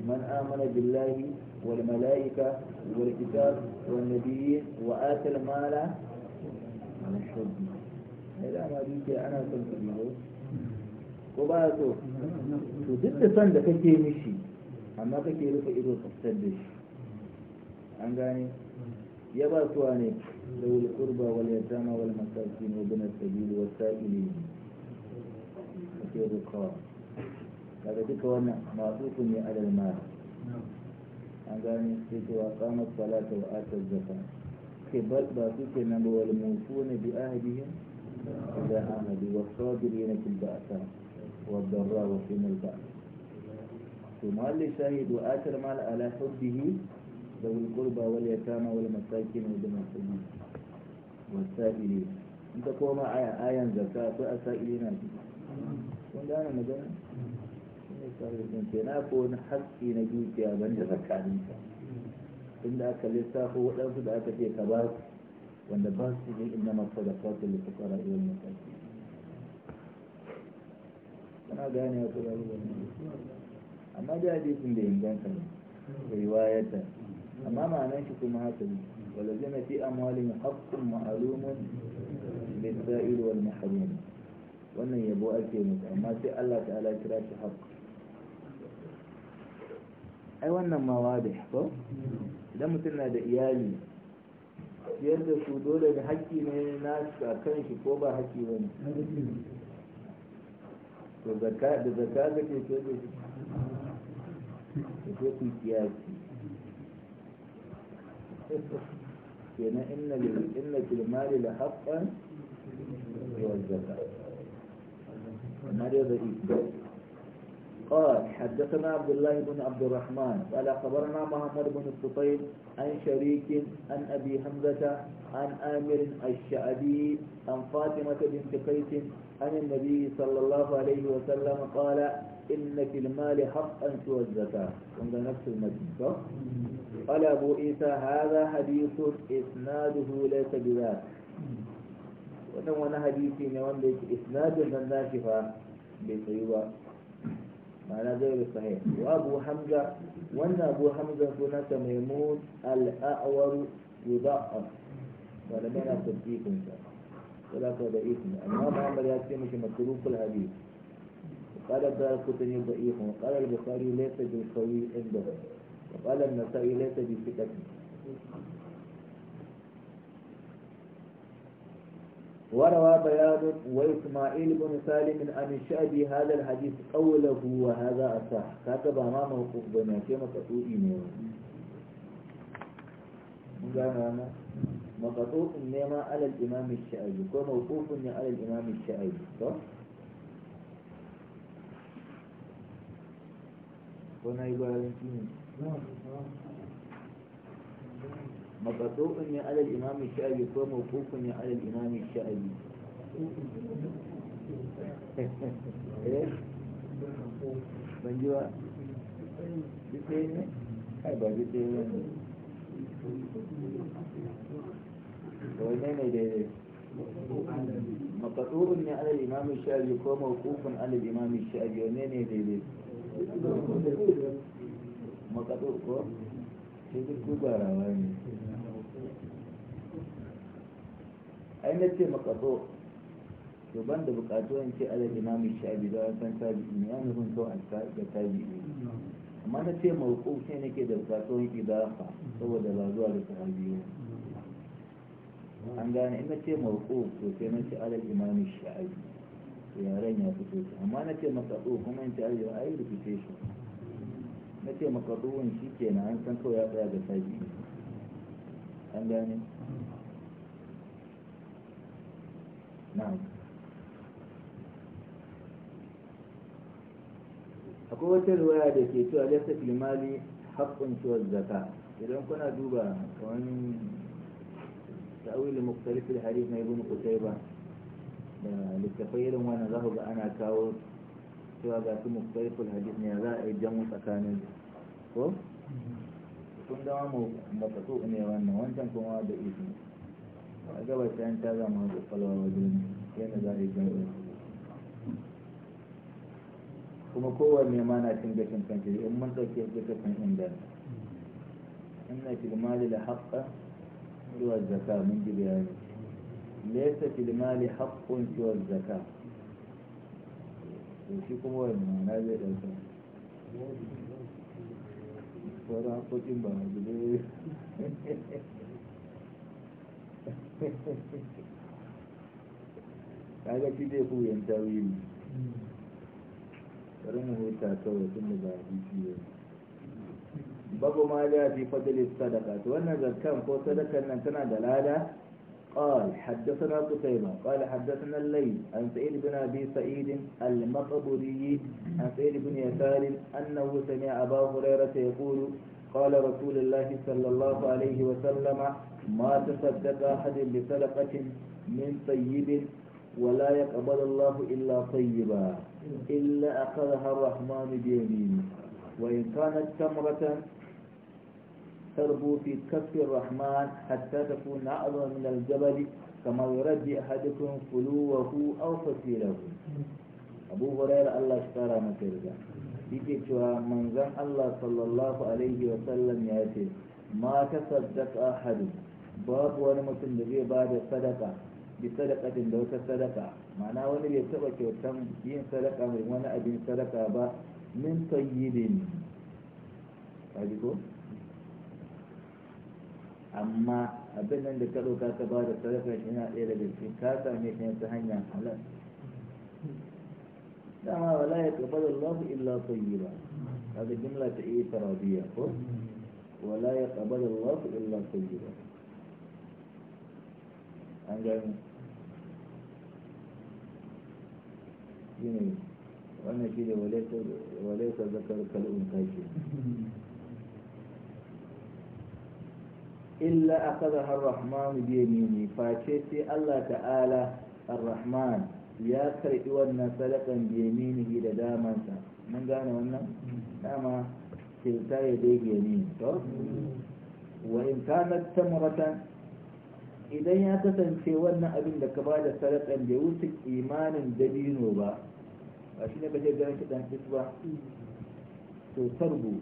[SPEAKER 1] من آمن بالله والملائكة والكتاب والنبيين وآت المال على الحب هذا ما بيك أنا كنت ko ba so to كيمشي da son da kake mishi amma kake rufe ido tsaftar da shi an gane ya ba suwa ne ذوي القربى واليتامى والمساكين وابن السبيل والسائلين وفي الرقاب هذا ذكر معطوف على المال نعم أنا أقام الصلاة وآتى الزكاة كبر باتوا كنا والموفون بأهلهم إلى أهل والصابرين في البأساء والضراء وفي البأس ثم شهد وآتى المال على حبه ذوي القربى واليتامى والمساكين وابن السبيل wasa'ili in kuma koma aya ayan zakka akwai asa'ili na ciki kun gane magana shine sarrafin ke na ko wani haƙƙi na dukiya banda zakkanin ta Tunda aka lissafo waɗansu da aka ce ka ba wanda ba su jin inna masu da fasu da fukara iya kana gane wata rarruwa amma da hadisin da inganta ne bai wayar da amma ma'anar shi kuma haka ne ولزم في أموالهم حق معلوم للسائل والمحروم wannan yabo ake musu amma sai Allah ta'ala ya kira shi haƙ ai wannan ma wada ko idan mutum na da iyali siyar da su dole da haƙƙi ne na kan shi ko ba haƙƙi ba ne to zaka da zaka ga ke ce da shi ko ku kiyasi kenan inna lil inna fil mali la haqqan wa zakat amma dai da قال حدثنا عبد الله بن عبد الرحمن قال أخبرنا محمد بن الطفيل عن شريك عن أبي حمزة عن آمر الشعبي عن فاطمة بنت قيس عن النبي صلى الله عليه وسلم قال إن في المال حقا سوى الزكاة عند نفس المجد صح؟ قال أبو إيسى هذا حديث إسناده ليس بذات ونوانا حديثي نوان بيك إسناد من ناكفة بيسيوة معنى ذلك الصحيح وأبو حمزة وأن أبو حمزة هناك ميمون الأعور يضعف ولم ينا تبكيك إن شاء الله ثلاثة دقيقة أنا ما عمل ياسين مش مكروف الحديث قال الدار قطني ضعيف وقال البخاري ليس بالقوي عنده وقال النسائي ليس بثقة وروى بياض وإسماعيل بن سالم عن الشعبي هذا الحديث قوله وهذا أصح كتب امامه موقوف بن هاشم مقطوع إمام مقطوع إنما على الإمام الشعبي وموقوف على الإمام الشعبي صح؟ ko na yi ne maƙaɗo'in ne alal imami sha'abi ko ne alal imami sha'abi
[SPEAKER 2] eh? ban ji ba duk ɗaya ne
[SPEAKER 1] kai ba duk ɗaya ne wane ne daidai makaɗo ko cikin kubara ne ai na ce makaɗo to ban da bukatu an ce alal imamu sha'abi da an san tabi'i ne an nufin kawai ga tabi'i amma na ce mawuku sai nake da bukatu an idafa saboda ba zuwa da sahabi an gane ina ce mawuku to sai na ce alal imamu sha'abi yaren ya fito shi amma na ce maka ɗo oh, kuma in ta arewa ai rikice shi na ce maka ɗuwan oh, shi ke na an san kawai ya tsaya ga saji. an gane na'am akwai wata ruwaya da ke cewa lesa fil mali ciwon zaka zakka idan kuna duba kamar ta'awil mukhtalif al-hadith na ibn qutayba littafai irin wannan za ga ana kawo cewa ga su mustaiful hadis ne za a yi jamu tsakanin ko sun dama mu makaso ne wannan wancan kuma da izini a gabar ta ta zama da falwa wajen yana za a yi jamu kuma kowanne ma na cin gashin kanci in mun ɗauke gashin inda inna fil mali la haqqa zuwa zakka mun ji bayani ليس في المال حق سوى الزكاة وشيكم shi kuma wannan na zai dauka
[SPEAKER 2] sauran
[SPEAKER 1] هذا كده هو ثم babu ma da fi fadlis sadaka to wannan zakkan ko sadakan nan tana da lada قال حدثنا قتيبة قال حدثنا الليل عن سعيد بن أبي سعيد المقبري عن سعيد بن يسار أنه سمع أبا هريرة يقول قال رسول الله صلى الله عليه وسلم ما تصدق أحد بصدقة من طيب ولا يقبل الله إلا طيبا إلا أخذها الرحمن بيمينه وإن كانت تمرة تربو في كف الرحمن حتى تكون أعظم من الجبل كما يربي أحدكم فلوه أو فسيله أبو هريرة الله اشترى مكرجة yake cewa manzon Allah sallallahu alaihi wa sallam ya ce ma ta saddaka hadu babu wani mutum da zai ba da sadaka bi sadakatin da wata sadaka ma'ana wani bai taba kyautan yin sadaka mai wani abin sadaka ba min tayyibin amma abin nan da ka ɗauka ka ba da sadaka shi yana ɗaya daga cikin ka same shi ta hanyar halal dama wala ya kabbala Allah illa tayyiba kaga jumla ta yi tarabiya ko wala ya kabbala Allah illa tayyiba an ga shine wannan shi ne walaisa zakar kal'un kashi illa akhadha ar-rahman biye yamini face sai Allah ta'ala ar-rahman ya karbi wannan sadakan biye yaminihi da damansa mun gane wannan dama kyauta ya dai bi yamini to wa in kanat tamratan idan ya kasance wannan abin da ka ba da sadakan bai wuce imanin dabino ba ba shi ne ba zai ganin kiɗan ba to tarbu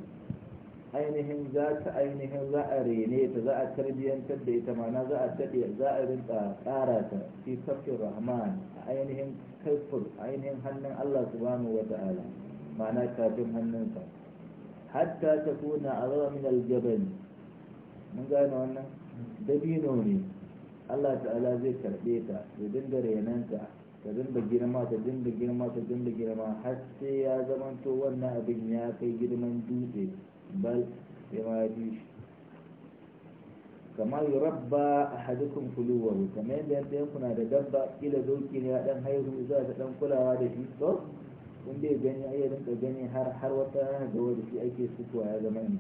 [SPEAKER 1] ainihin za ta ainihin za a rene ta za a tarbiyyantar da ita mana za a daɗe za a rinka ƙara ta fi kafin rahman a ainihin kaifur ainihin hannun allah subhanahu wa ta'ala mana kafin hannunsa hatta ta kuna a zama min aljabani mun gane wannan dabino ne allah ta'ala zai karɓe ta ya dinga renanta ta dinga girma ta dinga girma ta dinga girma har sai ya zamanto wannan abin ya kai girman dutse bal ya kama yi a hadukun kuluwa kamar yadda yadda yanku na da dabba kila doki ne a ɗan haihu za ta ɗan kulawa da shi to bai gani a rinka gani har wata rana ga wanda shi ake ya zama in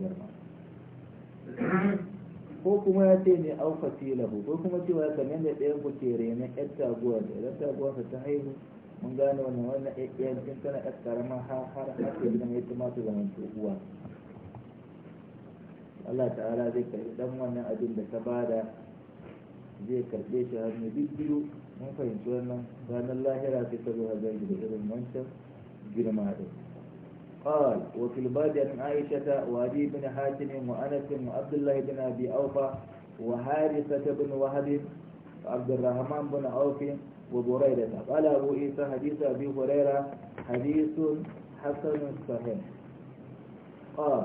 [SPEAKER 1] ko kuma ya ce ne auka ko kuma cewa kamar da ɗayan ku ke rena ƴar taguwa da taguwa ta haihu mun gane wannan wannan ƴaƴan tana ƴar karama har har har ta zama ita ma ta zama uwa Allah ta'ala zai karbi dan wannan abin da ta bada zai karbe shi hannu duk biyu mun fahimci wannan ranar lahira sai ka zo a gani da irin wancan girma din قال وفي الباب عن عائشة وأبي بن حاتم وأنس وعبد الله بن أبي أوفى وحارثة بن وهب وعبد الرحمن بن عوف وبريدة قال أبو عيسى حديث أبي هريرة حديث حسن صحيح قال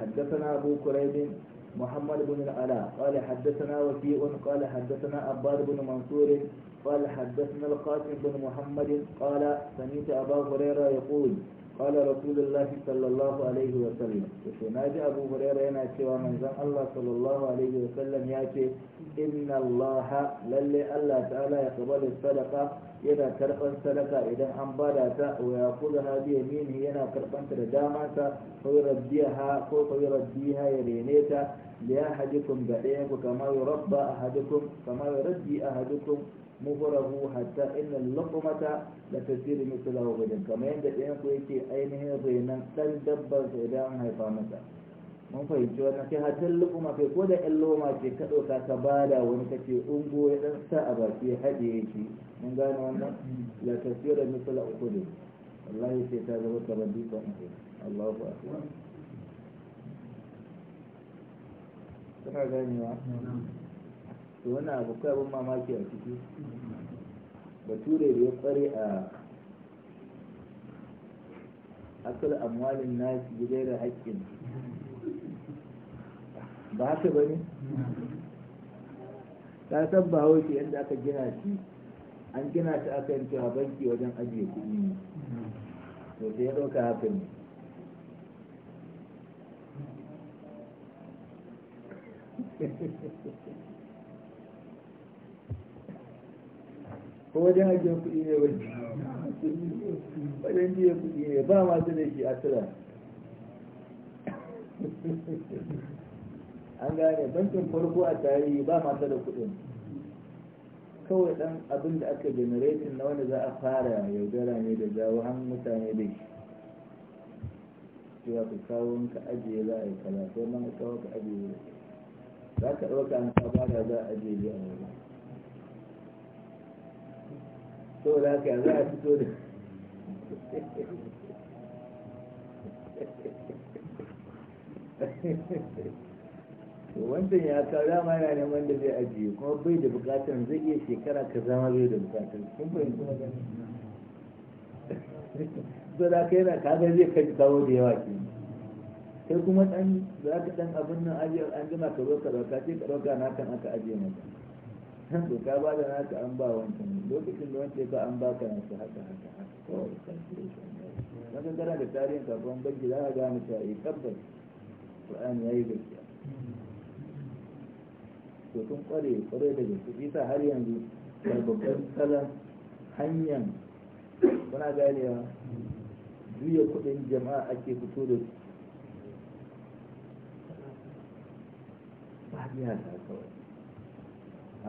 [SPEAKER 1] حدثنا أبو كريب محمد بن العلاء قال حدثنا وكيء قال حدثنا عباد بن منصور قال حدثنا القاسم بن محمد قال سمعت أبا هريرة يقول قال رسول الله صلى الله عليه وسلم يتناجى أبو هريرة ينأتي ومن زم الله صلى الله عليه وسلم يأتي إن الله للي الله تعالى يقبل الصدقة yana karban sadaka idan an bada ta wa ya kudu ha biya mini yana karban ta da dama ta ha ko kawai rabbi ha ya rene ta da ya hajikun ga ku kamar rabba a hajikun kamar rabbi a hajikun mufarahu hatta inna lukumata da tasiri mutula wa gudun kamar yadda ɗayan ku yake ainihin renon ɗan dabbar idan an haifa masa mun fahimci wannan kai hatan lukuma kai ko da yan loma ce ka ɗauka ka bada wani kace ungo ya ɗan sa a baki ya haɗe shi mun gane wannan la tasira uku ne wallahi sai ta zama kamar dukkan ce Allahu akbar kana ganewa to wannan abu kai abin mamaki a ciki bature da ya kware a akal amwalin nasi gidai da haƙƙin ba haka ba ne ta san ba hauke yadda aka gina shi an gina ta akan cewa banki wajen ajiye kuɗi ne to sai ya ɗauka haka ne ko wajen ajiye kuɗi ne wani wajen ajiye kuɗi ne ba masu da shi a tura an gane bankin farko a tarihi ba masu da kudin kawai dan abin da aka generatin na wanda za a fara yaudara ne da jawo han mutane da shi cewa ka kawo ka ajiye za a yi kaza ko ma ka kawo ka ajiye za ka ɗauka an ka bada za a ajiye a wani to da haka za a fito da Thank you. wancan ya kawo dama yana neman da zai ajiye kuma bai da bukatar zai iya shekara ka zama bai da bukatar kun fahimci magana so da ka yana kaga zai kai kawo da yawa ke kai kuma dan za ka dan abin nan ajiyar an gina ka zo ka dauka ce ka dauka na kan aka ajiye maka to ka ba da naka an ba wancan lokacin da wancan ka an ba ka nasu haka haka haka kawai kan shi wannan kana da tarihin kafin banki za ka gane cewa eh tabbas Qur'ani yayi gaskiya to sun kware kware da gaske isa har yanzu babban salon hanyar kuna ganewa juya kudin jama'a ake fito da su ba biya ta kawai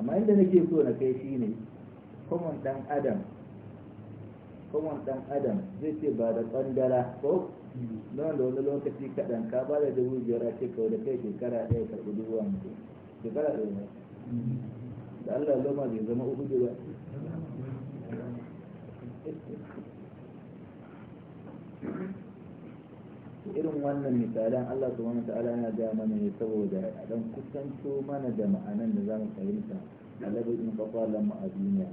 [SPEAKER 1] amma inda nake so na kai shi ne common dan adam common dan adam zai ce ba da kwandala ko don da wani lokaci kaɗan ka ba da dubu biyar a ce kawai da kai shekara ɗaya karɓi dubu hamsin shekara ɗaya ne da Allah zama bai zama uku ba irin wannan misalan Allah su wani ta'ala yana gaya mana ne saboda dan kusanto mana da ma'anan da zamu fahimta a labarin qala mu a duniya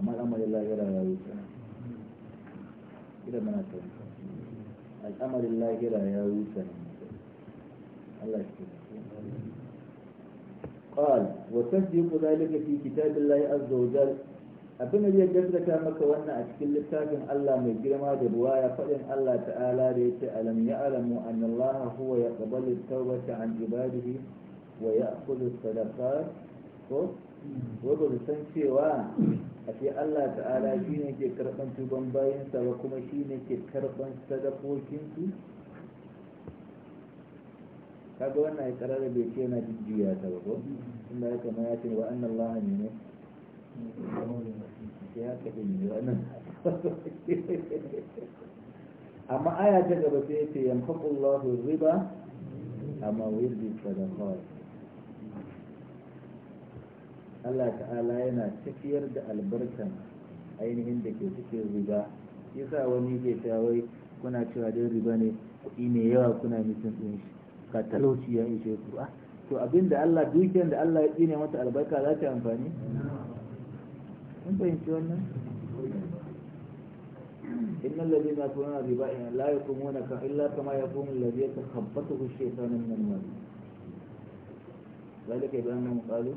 [SPEAKER 1] amma al'amarin lahira ya ta idan mana ta al'amarin lahira ya ne Allah shi قال وتصديق ذلك في كتاب الله عز وجل abin da zai gaskata maka wannan a cikin littafin Allah mai girma da ruwa ya faɗin Allah ta'ala da yace alam ya'lamu anna Allah huwa yaqbalu tawbata an ibadihi wa ya'khudhu sadaqat ko wanda da san cewa a ce Allah ta'ala shi ne ke karɓan tuban bayansa ba kuma shi ne ke karɓan su. kaga wannan ya karara bai ce yana jijjiya ta ba ko inda ya kama ya ce wa annan laha ne ne sai ya ne wannan amma aya ta gaba sai ya ce lahu riba amma da kawai. Allah ta'ala yana tafiyar da albarkan ainihin da ke cikin riba yasa wani ke cewa kuna cewa dai riba ne kuɗi ne yawa kuna nufin ɗin shi ka talauci ya ishe su a ah, to abin da Allah dukiyar da Allah ya ne mata albarka za ta amfani? in bayanci wannan? inna lalzi na tunan riba in la ya kuma wani kan illa kama ya kuma lalzi ya ta kabbata ku shi ta nan nan mazi zai da kai bayan nan mukalu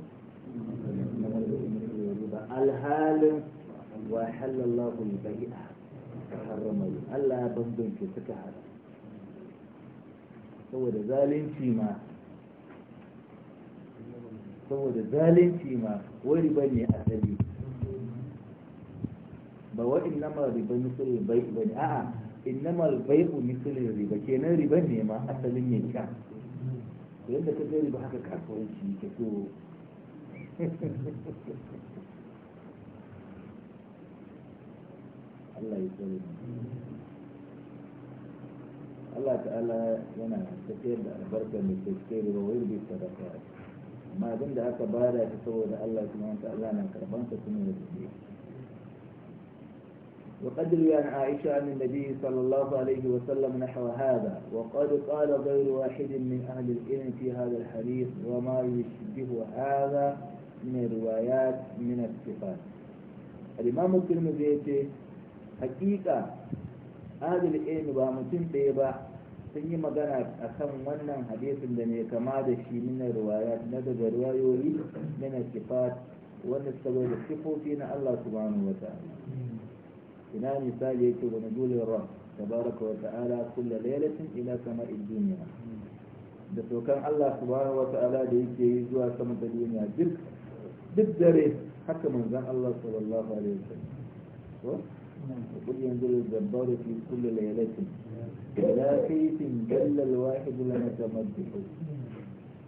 [SPEAKER 1] alhalin wa halallahu liba'i a harramayi Allah ya bambance suka haram saboda zalunci ma saboda zalunci ma wani ba ne asali ba wa innama riba misalin bai ba ne a'a innama bai'u misalin riba kenan riba ne ma asalin yin ka yadda ka riba haka kasuwanci ka so Allah ya tsare mu الله تعالى yana tafiyar da albarkar da ke cikin ruwayar bi sadaka amma abin da aka bada ta saboda Allah subhanahu wa na karban kuma ya وقد روي عن عائشة عن النبي صلى الله عليه وسلم نحو هذا وقد قال غير واحد من أهل العلم في هذا الحديث وما يشبه هذا من الروايات من الثقات الإمام الترمذي حقيقة adil ilmi ba mutum ɗaya ba sun yi magana a kan wannan hadithin da mai kama da shi mina ruwaya na daga ruwayoyi na sifat wanda suka zo da sifofi na Allah subhanahu wa ta'ala ina misali yake da nuzulin ram tabaraka wa ta'ala kullu lailatin ila sama'id dunya da saukan Allah subhanahu wa ta'ala da yake yi zuwa sama da duniya duk duk dare haka manzon Allah sallallahu alaihi wasallam يقول ينزل الجبار في كل ليلات لا خيف جل الواحد لما تمدحه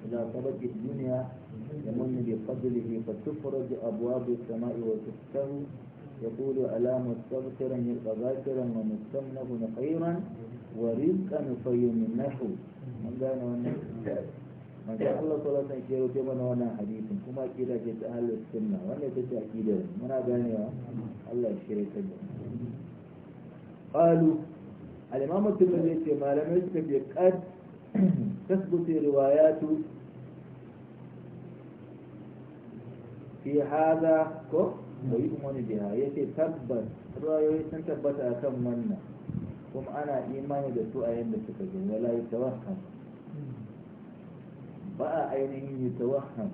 [SPEAKER 1] إذا طلبت الدنيا يمن بفضله فتفرج أبواب السماء وتفته يقول ألا مستغفرا يلقى ذاكرا ومستمنه نقيما ورزقا فيمنه من كان من كان الله صلاة كيرو كما نوانا حديث كما كيرا اهل السنة ولا تتأكيد من أغاني الله الشريك الله qalu al-imam at yace malamai suka ce qad tasbutu riwayatu ta hada ko bai umani biha yace tabbas rayoyi sun tabbata akan wannan kuma ana imani da su a yanda suka zo wala yatawahham ba a ainihin yatawahham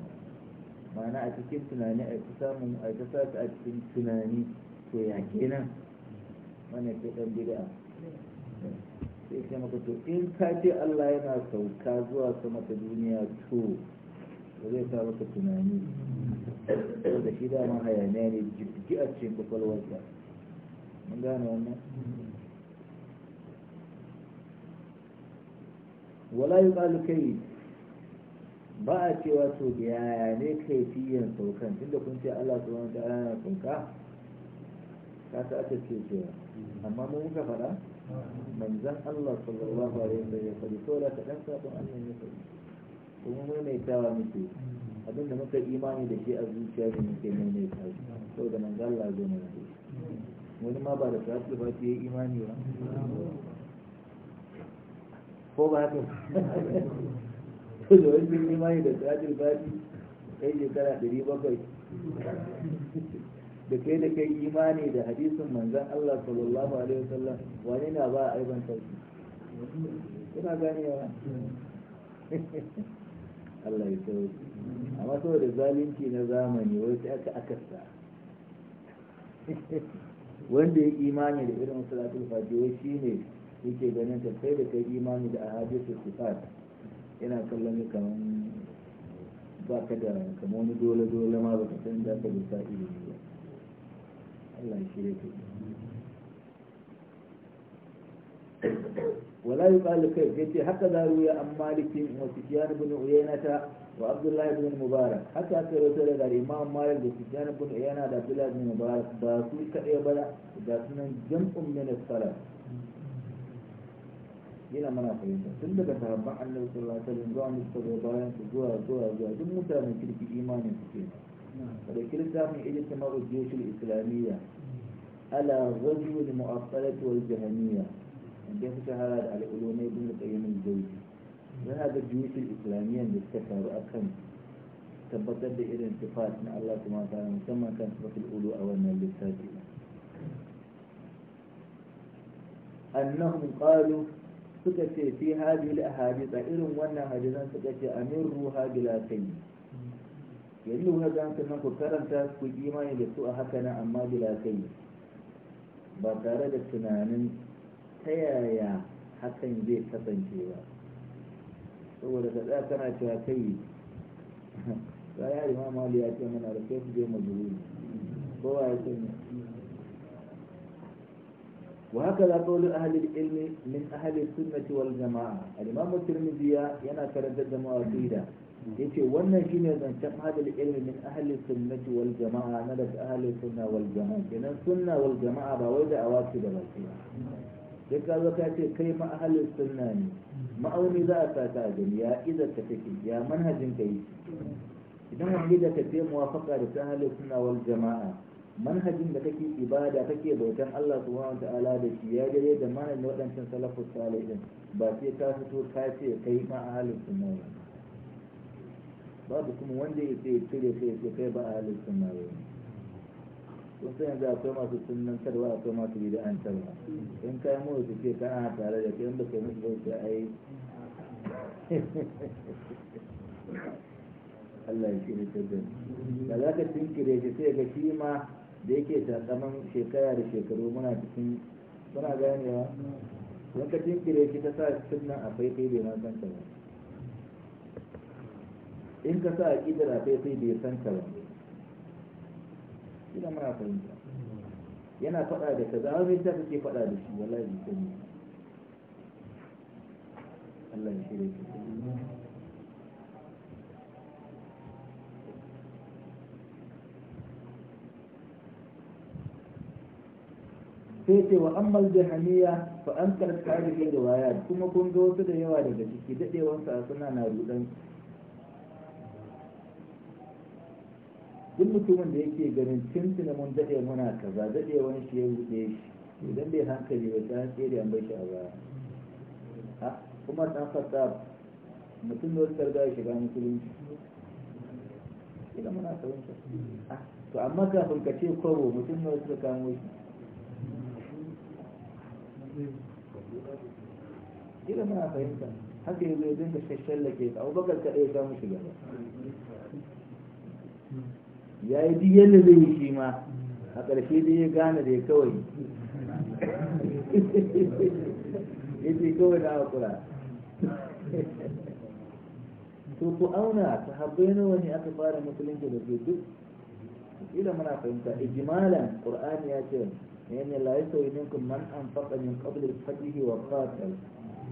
[SPEAKER 1] ma'ana a cikin tunani a ta a cikin tunani to ya kenan wannan ce ɗan bid'a sai ke maka to in ka ce Allah yana sauka zuwa sama ta duniya to ba zai sa maka tunani da shi dama hayaniya ne jirgi a cikin kwakwalwarsa mun gane wannan wala yi kai ba a cewa to da yaya ne kai fiyan saukan tunda kun ce Allah su wani ta'ala yana sauka ka ta aka ce cewa amma mu muka fara manzan Allah sallallahu alaihi wasallam ya faɗi to da kaɗan sabon Allah ya faɗi kuma maimaitawa muke abinda muka imani da shi a zuciya ne muke maimaita shi saboda manzan Allah zo mana da shi wani ma ba da karatu ba ta yi imani ba ko ba haka to da wani imani da karatu ba ta yi shekara ɗari bakwai da kai da kai imani da hadisin manzon Allah sallallahu alaihi wasallam wani na ba a aiban sauki kuna ganewa Allah ya sauki amma saboda zalunci na zamani wai sai aka akasta. wanda ya imani da irin salatul fatiha shi ne yake ganin ta kai da kai imani da ahadisu sifat yana kallon kaman ba ka da kamar wani dole dole ma ba ka san da ka bisa ilimi ba walabi ba luka ya ce haka zaruri an mali fim mai cikin yarubu da ya yi na ta wa abdullahi wani mubara haka ya sa da wasu da dare ba a mali da cikin yarubu da ba su kadai ba su nan jam'an minis kala yana mana fahimtar tun daga sabbin allah su ba sabbin zuwa masu taɓa bayan su zuwa zuwa zuwa tun mutane shirme imanin su ke. da kirtafin ijtima ujjiyar islamiyya ala rajul mu'assalat wal jahaniyya da ya fi shahara da al'ulumai ibn qayyim min jawzi yana da juyutul islamiyya da suka taru a kan tabbatar da irin sifat na Allah kuma ta musamman kan sifatul ulu a wannan littafi annahum qalu suka ce fi hadhihi al-ahadith irin wannan hadisan suka ce amirruha Hadila kayyid yadda da hankalin ku karanta ku imani da su a haka nan amma bila kai ba tare da tunanin ta yaya hakan zai kasance ba saboda ka tsaya kana cewa kai ba ya rima mali ya ce mana da kai su je mazuru kowa ya ce وهكذا قول أهل العلم من أهل السنة والجماعة الإمام الترمذي ينا كرد الجماعة yace wannan shine zancen hadal ilmi min ahli sunnati wal jama'a na da ahli sunna wal jama'a kenan sunna wal jama'a ba wai da awaki da baki ba duk ka zo ka ce kai ma ahli sunna ne ma'auni za a sa ta a ya idza ta take ya manhajin ka yi idan wani da ka ce muwafaqa da ta ahli sunna wal jama'a manhajin da kake ibada kake bautan Allah subhanahu ta'ala da shi ya dare da manhajin waɗancan salafus salihin ba sai ka fito ka ce kai ma ahli sunna ne babu kuma wanda ya ce cire kai ce kai ba ahalin sunna ba kun san yanzu akwai masu sunnantarwa akwai masu bid'antarwa in ka yi mu su ce ana tare da kai inda kai musu ba ai Allah ya shirya ta da za ka tinkire shi sai ga shi ma da yake takaman shekara da shekaru muna cikin muna ganewa don ka tinkire shi ta sa sunan a kai bai ma san ta ba in ka sa a ƙidara sai bai san ka ba ina mara fahimta yana faɗa da kaza wani ta kake faɗa da shi wallahi bai sani Allah ya shirya ki sai ce wa ammal jahaniya fa an karkar da riwayat kuma kun ga wasu da yawa daga ciki dadewansa suna na rudan duk mutumin da yake ganin tuntuna mun daɗe muna kaza daɗe wani shi ya buɗe shi idan bai hankali ba ta hanke da an bai shi a baya kuma ɗan fata mutum da wasu targa ya shiga musulunci Idan muna sauran sa to amma kafin ka ce kwabo mutum da da kamo shi Idan muna fahimta haka yanzu ya dinga shashallake ta abubakar kaɗai ya samu shiga ba ya yi duk yadda zai yi shi ma a ƙarshe da ya gane da ya kawai ya ce kawai na haƙura to ku auna ta habbai na wani aka fara musulunci da ke duk ila muna fahimta ijmalan qur'ani ya ce يعني لا يستوي منكم من أنفق من قبل wa وقاتل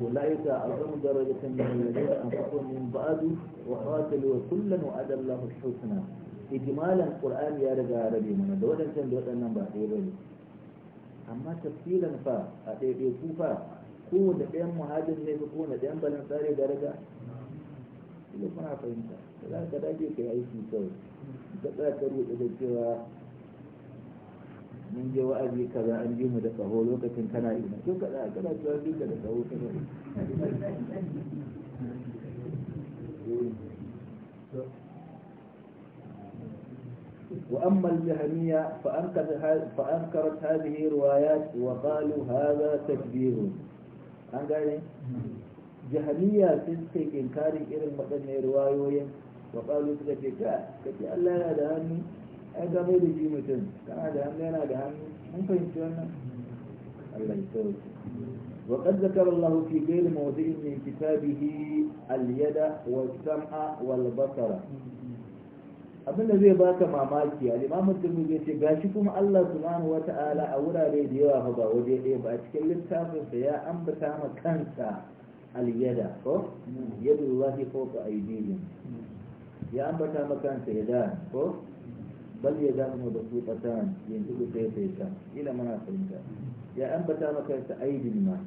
[SPEAKER 1] أولئك أعظم درجة من الذين أنفقوا من بعد وقاتلوا كلا وعد الله الحسنى ijmalan qur'ani ya riga rabe mana da waɗancan da waɗannan ba ɗaya bane amma tafsilan fa a ɗaiɗai ku fa ko da ɗayan muhajir ne ko da ɗayan balansare da riga ila kuna fahimta da za ka dage ka yi aiki kawai ka tsaya ka ruɗe da cewa mun je wa'azi kaza an ji mu da kaho lokacin kana ina to kaza kana cewa bi ka da kaho kana
[SPEAKER 2] ina
[SPEAKER 1] وأما الجهمية فأنكرت هذه الروايات وقالوا هذا تكبير an gane jahaniya sai suka yi inkarin irin waɗannan ruwayoyin wa ƙalu suka ce ka kace Allah yana da hannu ai ga mai da shi mutum kana da hannu yana da wa wa abinda zai baka mamaki a limamin turmi zai ce gashi kuma Allah subhanahu wa ta'ala a wurare da yawa ba waje ɗaya ba a cikin littafinsa ya ambata ma kansa al-yada ko yadu lahi ko ka aidihim ya ambata ma kansa yada ko bal ya mu da su fatan yanzu ku sai sai ta ila mana fahimta ya ambata ma kansa aidin ma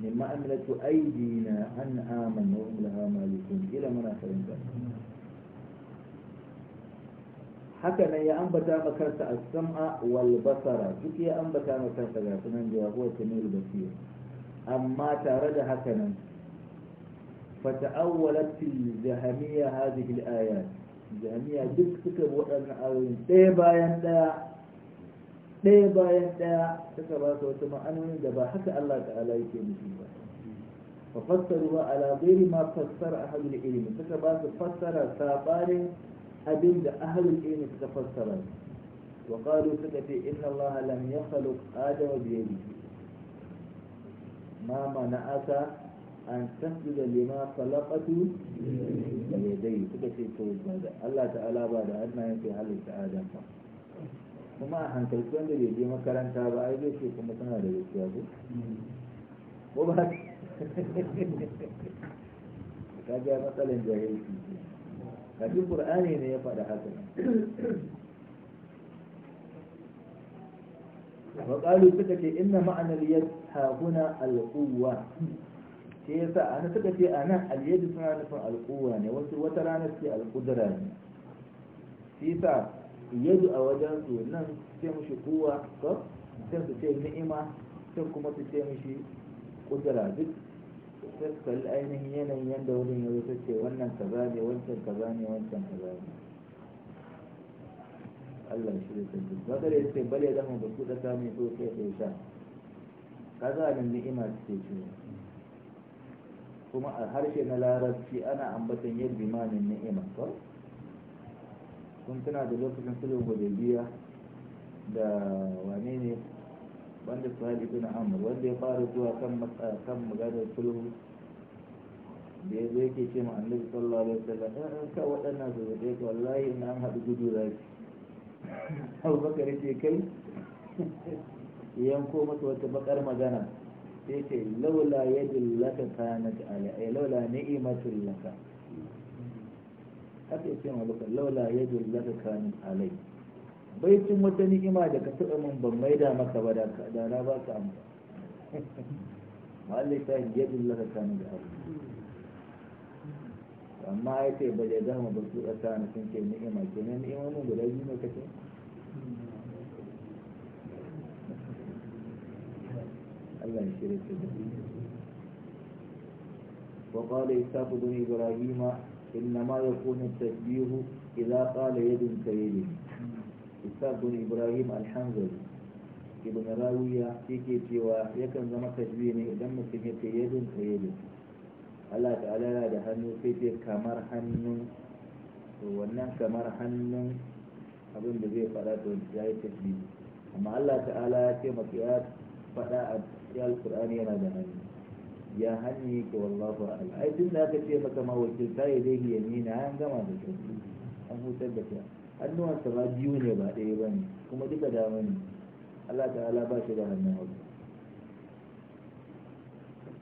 [SPEAKER 1] mimma amilatu aidina an amanu wa laha malikun ila mana fahimta haka nan ya ambata ma a sama wal basara duk ya ambata ma ga sunan da huwa samir basir amma tare da haka nan fata'awwalat fil jahmiyya hadhihi al-ayat duk suka waɗannan ayoyin ɗaya bayan ɗaya ɗaya bayan ɗaya suka ba su wata ma'anoni da ba haka Allah ta'ala yake nufi ba fa fassaru ba ala ghairi ma fassara ahlul ilmi suka ba su fassara sabarin abin da ahalul ilmi suka fassara wa qalu suka ce inna allaha lam yakhluq adama bi yadihi ma aka an tasjuda lima khalaqatu bi yadihi suka ce to da Allah ta'ala ba da hannayen yake halitta adam ba kuma a hankalci wanda bai je makaranta ba ai zai ce kuma tana da gaskiya ko ko ba ka ga matsalan jahilci kafin qur'ani ne ya faɗa haka wa qalu suka ce inna ma'anar yad hahuna al-quwwa Ke yasa ana suka ce ana al-yad suna nufin al-quwwa ne wasu wata rana ce al-qudra ne shi sa yadu a wajen su nan sai mushi quwwa ko sai su ce ni'ima sai kuma su ce mushi kudura duk kalli ainihin yanayin yadda wurin ya ta ce wannan kaza ne wancan kaza ne wancan kaza ne Allah shi da tafi da ya ce bale zama ba su da samun so sai ɗaya sha kaza ne ni'ima ce ce kuma a harshe na larabci ana ambatan yadda imanin ni'ima ko kun tana da lokacin sulhu biya? da wane ne wanda sahib bin amr wanda ya fara zuwa kan kan maganar sulhu da ya zai yake ce ma annabi sallallahu alaihi wasallam in an ka waɗannan zai ka wallahi in an haɗu gudu za ki abubakar ce kai yanko masa wata bakar magana sai ce laula yadin laka kanat ala ay eh, laula ni'matul laka haka ce ma laula yadin laka kanat alai cin wata ni'ima da ka taɓa min ban da maka ba da na ba ka amsa ma'allai ta yi yadda ta kani da abu amma ya ce ba da zama ba su ƙasa na sun ce ni'ima ke nan ni'imomin guda biyu ne kace Allah ya shirya ta da وقال إسحاق بن إبراهيم إنما يكون التشبيه إذا قال يد كيده إسحاق Ibrahim إبراهيم الحنظلي ibn rawiya yake cewa yakan zama tajbi ne idan mutum ya ce yadin ka yadin Allah ta'ala yana da hannu sai ce kamar hannun to wannan kamar hannun abin da zai faɗa to ya yi tajbi amma Allah ta'ala ya ce maka ya faɗa a cikin alkur'ani yana da hannu ya hannu yake wallahu a'lam ai tun da aka ce maka ma ta yi dai yamina an gama da kai an hutar da kai hannuwansa ba biyu ne ba ɗaya ba ne kuma duka dama ne Allah ta'ala ba shi da hannun hau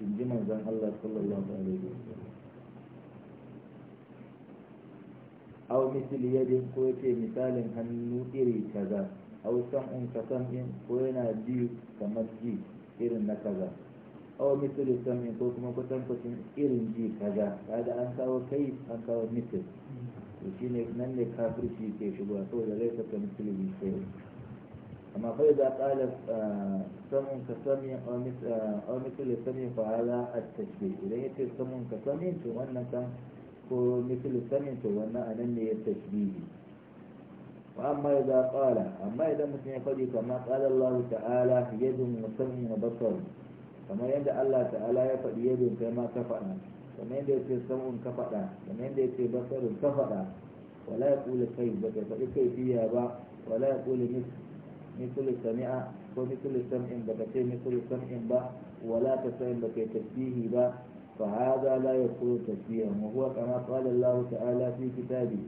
[SPEAKER 1] in ji manzan Allah sallallahu alaihi wasallam aw misali yadin ko yace misalin hannu iri kaza aw sam'un ka sam'in ko yana ji kamar ji irin na kaza aw misli sam'in ko kuma kusan kusan irin ji kaza kaga an kawo kai an kawo misli shi ne nan ne kafirci ke shigowa saboda laisa ka misali sai amma fa idza qala ah, samun ka sami a ah, misali ah, sami fa hada at idan idan ce samun ka sami to wannan kan ko misali sami to wannan anan ne ya faɗi وأما إذا قال أما إذا Allah ta'ala كما قال الله تعالى kamar مسمى Allah ta'ala ya الله تعالى kai ma كما kamar yadda ce samun ka faɗa kamar yadda ce basarin ka faɗa wala ya kula kai ba ka faɗi kai biya ba wala ya kula mitul sami'a ko mitul sam'in ba ka ce mitul sam'in ba wala ta sa'in ba yi tasbihi ba fa hada la yakunu tasbihan wa huwa kama qala Allah ta'ala fi kitabi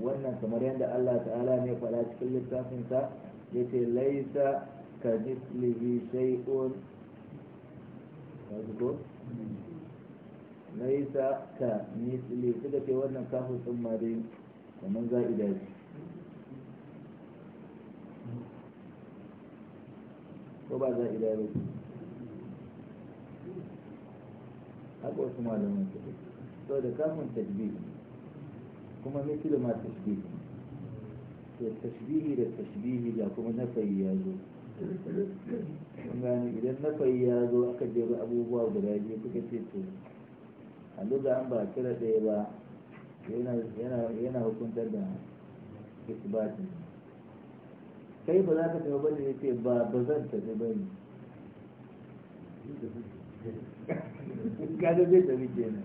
[SPEAKER 1] wannan kamar yadda Allah ta'ala ne faɗa cikin littafin sa yace laisa ka mislihi shay'un laisa ka misli suka ce wannan kafu sun ma dai kamar za'ida ce ko ba za'ida ba ce haka wasu malaman su so da kafin tajbi kuma misli ma tajbi to tashbihi da tashbihi da kuma nafayi ya zo
[SPEAKER 2] kun
[SPEAKER 1] idan nafayi ya zo aka jera abubuwa guda biyu kuka ce to a luga an ba kira ɗaya ba yana hukuntar da isbatin kai ba za ka taɓa bane ya ce ba ba zan tafi bane gada zai tafi kenan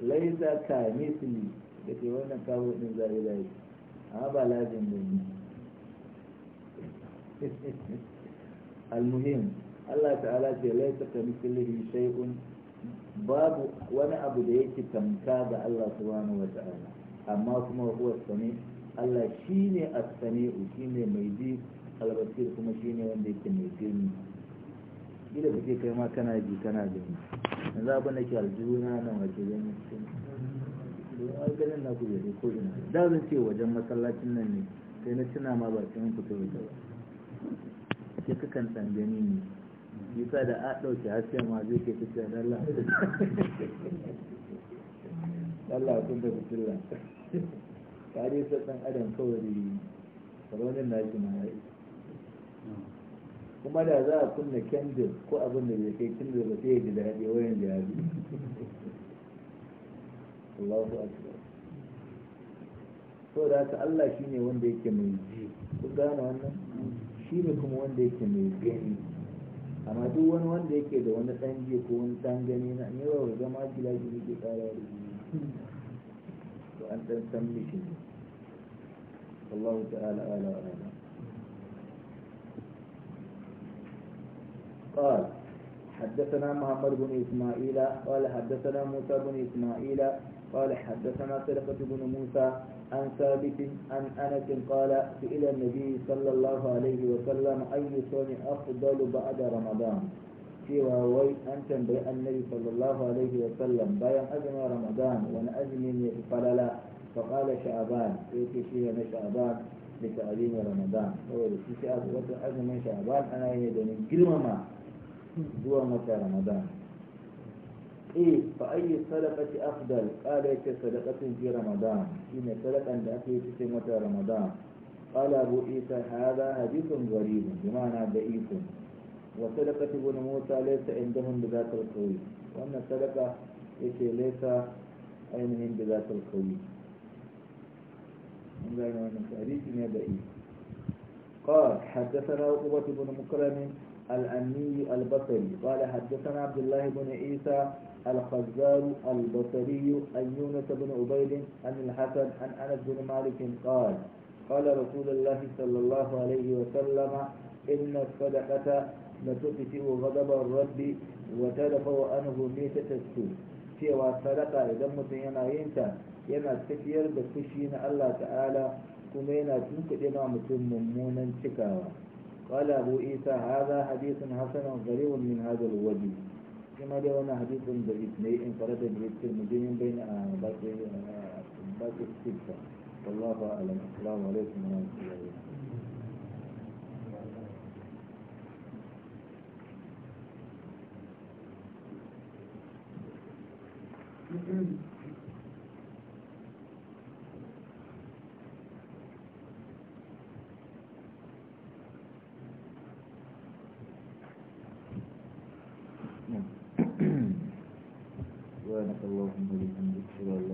[SPEAKER 1] laisa ka misli da ke wannan kawo ɗin zai zai amma ba ne al المهم Allah ta'ala ce laisa ka mislihi shay'un babu wani abu da yake tamka ga Allah subhanahu wa ta'ala amma kuma huwa sami Allah shine as-sami'u shine mai ji al-basir kuma shine wanda yake mai gani gida kake kai ma kana ji kana ji yanzu abin da ke aljuna nan wace gani don ganin na ku zai ko ina da zan ce wajen masallacin nan ne sai na tuna ma ba sai mun fito da ba sai kakan dan gani ne yasa da a ɗauke hasken ma zai ke tafiya da Allah Allah kun da fitilla ka dai sa ɗan adam kawai da raunin nashi ma ya isa kuma da za a kunna kendir ko abin da bai kai kendir ba sai ya ji daɗi wayan jihadi Allahu akbar so da haka Allah shine wanda yake mai ji ku gane wannan shi ne kuma wanda yake mai gani amma duk wani wanda yake da wani ɗan ko wani ɗan gani na ne ba ga zama kila shi yake ƙara da jini to an ɗan san mishi ne Allah ta'ala ala wa ala قال حدثنا محمد بن إسماعيل قال حدثنا موسى بن إسماعيل قال حدثنا سلفة بن موسى عن ثابت عن أنس قال سئل النبي صلى الله عليه وسلم أي صوم أفضل بعد رمضان cewa wai an tambayi annabi sallallahu alaihi wa sallam bayan azumin ramadan wani azumi ne falala faƙala sha'aban sai ce shi na sha'aban da ta'azimi ramadan saboda shi sai wata azumin sha'aban ana yi domin girmama zuwa wata ramadan إيه فأي صدقة أفضل قال إيه صدقة في رمضان إن صدقة لأكل في رمضان قال أبو عيسى هذا حديث غريب بمعنى ضعيف وصدقة ابن موسى ليس عندهم بذات القوي وأن صدقة إيه ليس عندهم بذات القوي حديث ضعيف قال حدثنا عقبة بن مكرم الأمي البصري قال حدثنا عبد الله بن عيسى الخزان البصري عن يونس بن عبيد عن الحسن عن انس بن مالك قال قال رسول الله صلى الله عليه وسلم ان الصدقه لتطفئ غضب الرب وتدفع عنه ميتة السوء cewa sadaka idan mutum yana yin ta yana tafiyar da fushi na Allah ta'ala kuma yana tunkuɗe ma mutum mummunan cikawa qala abu isa hadha hadithun hasanun gharibun min shi ma dai wannan hadisin da ne in farata da yake mujimin bayin a ah, baki ah, baki wallahu a'lam assalamu alaikum wa rahmatullahi Thank you. اللهم بحمدك اشهد ان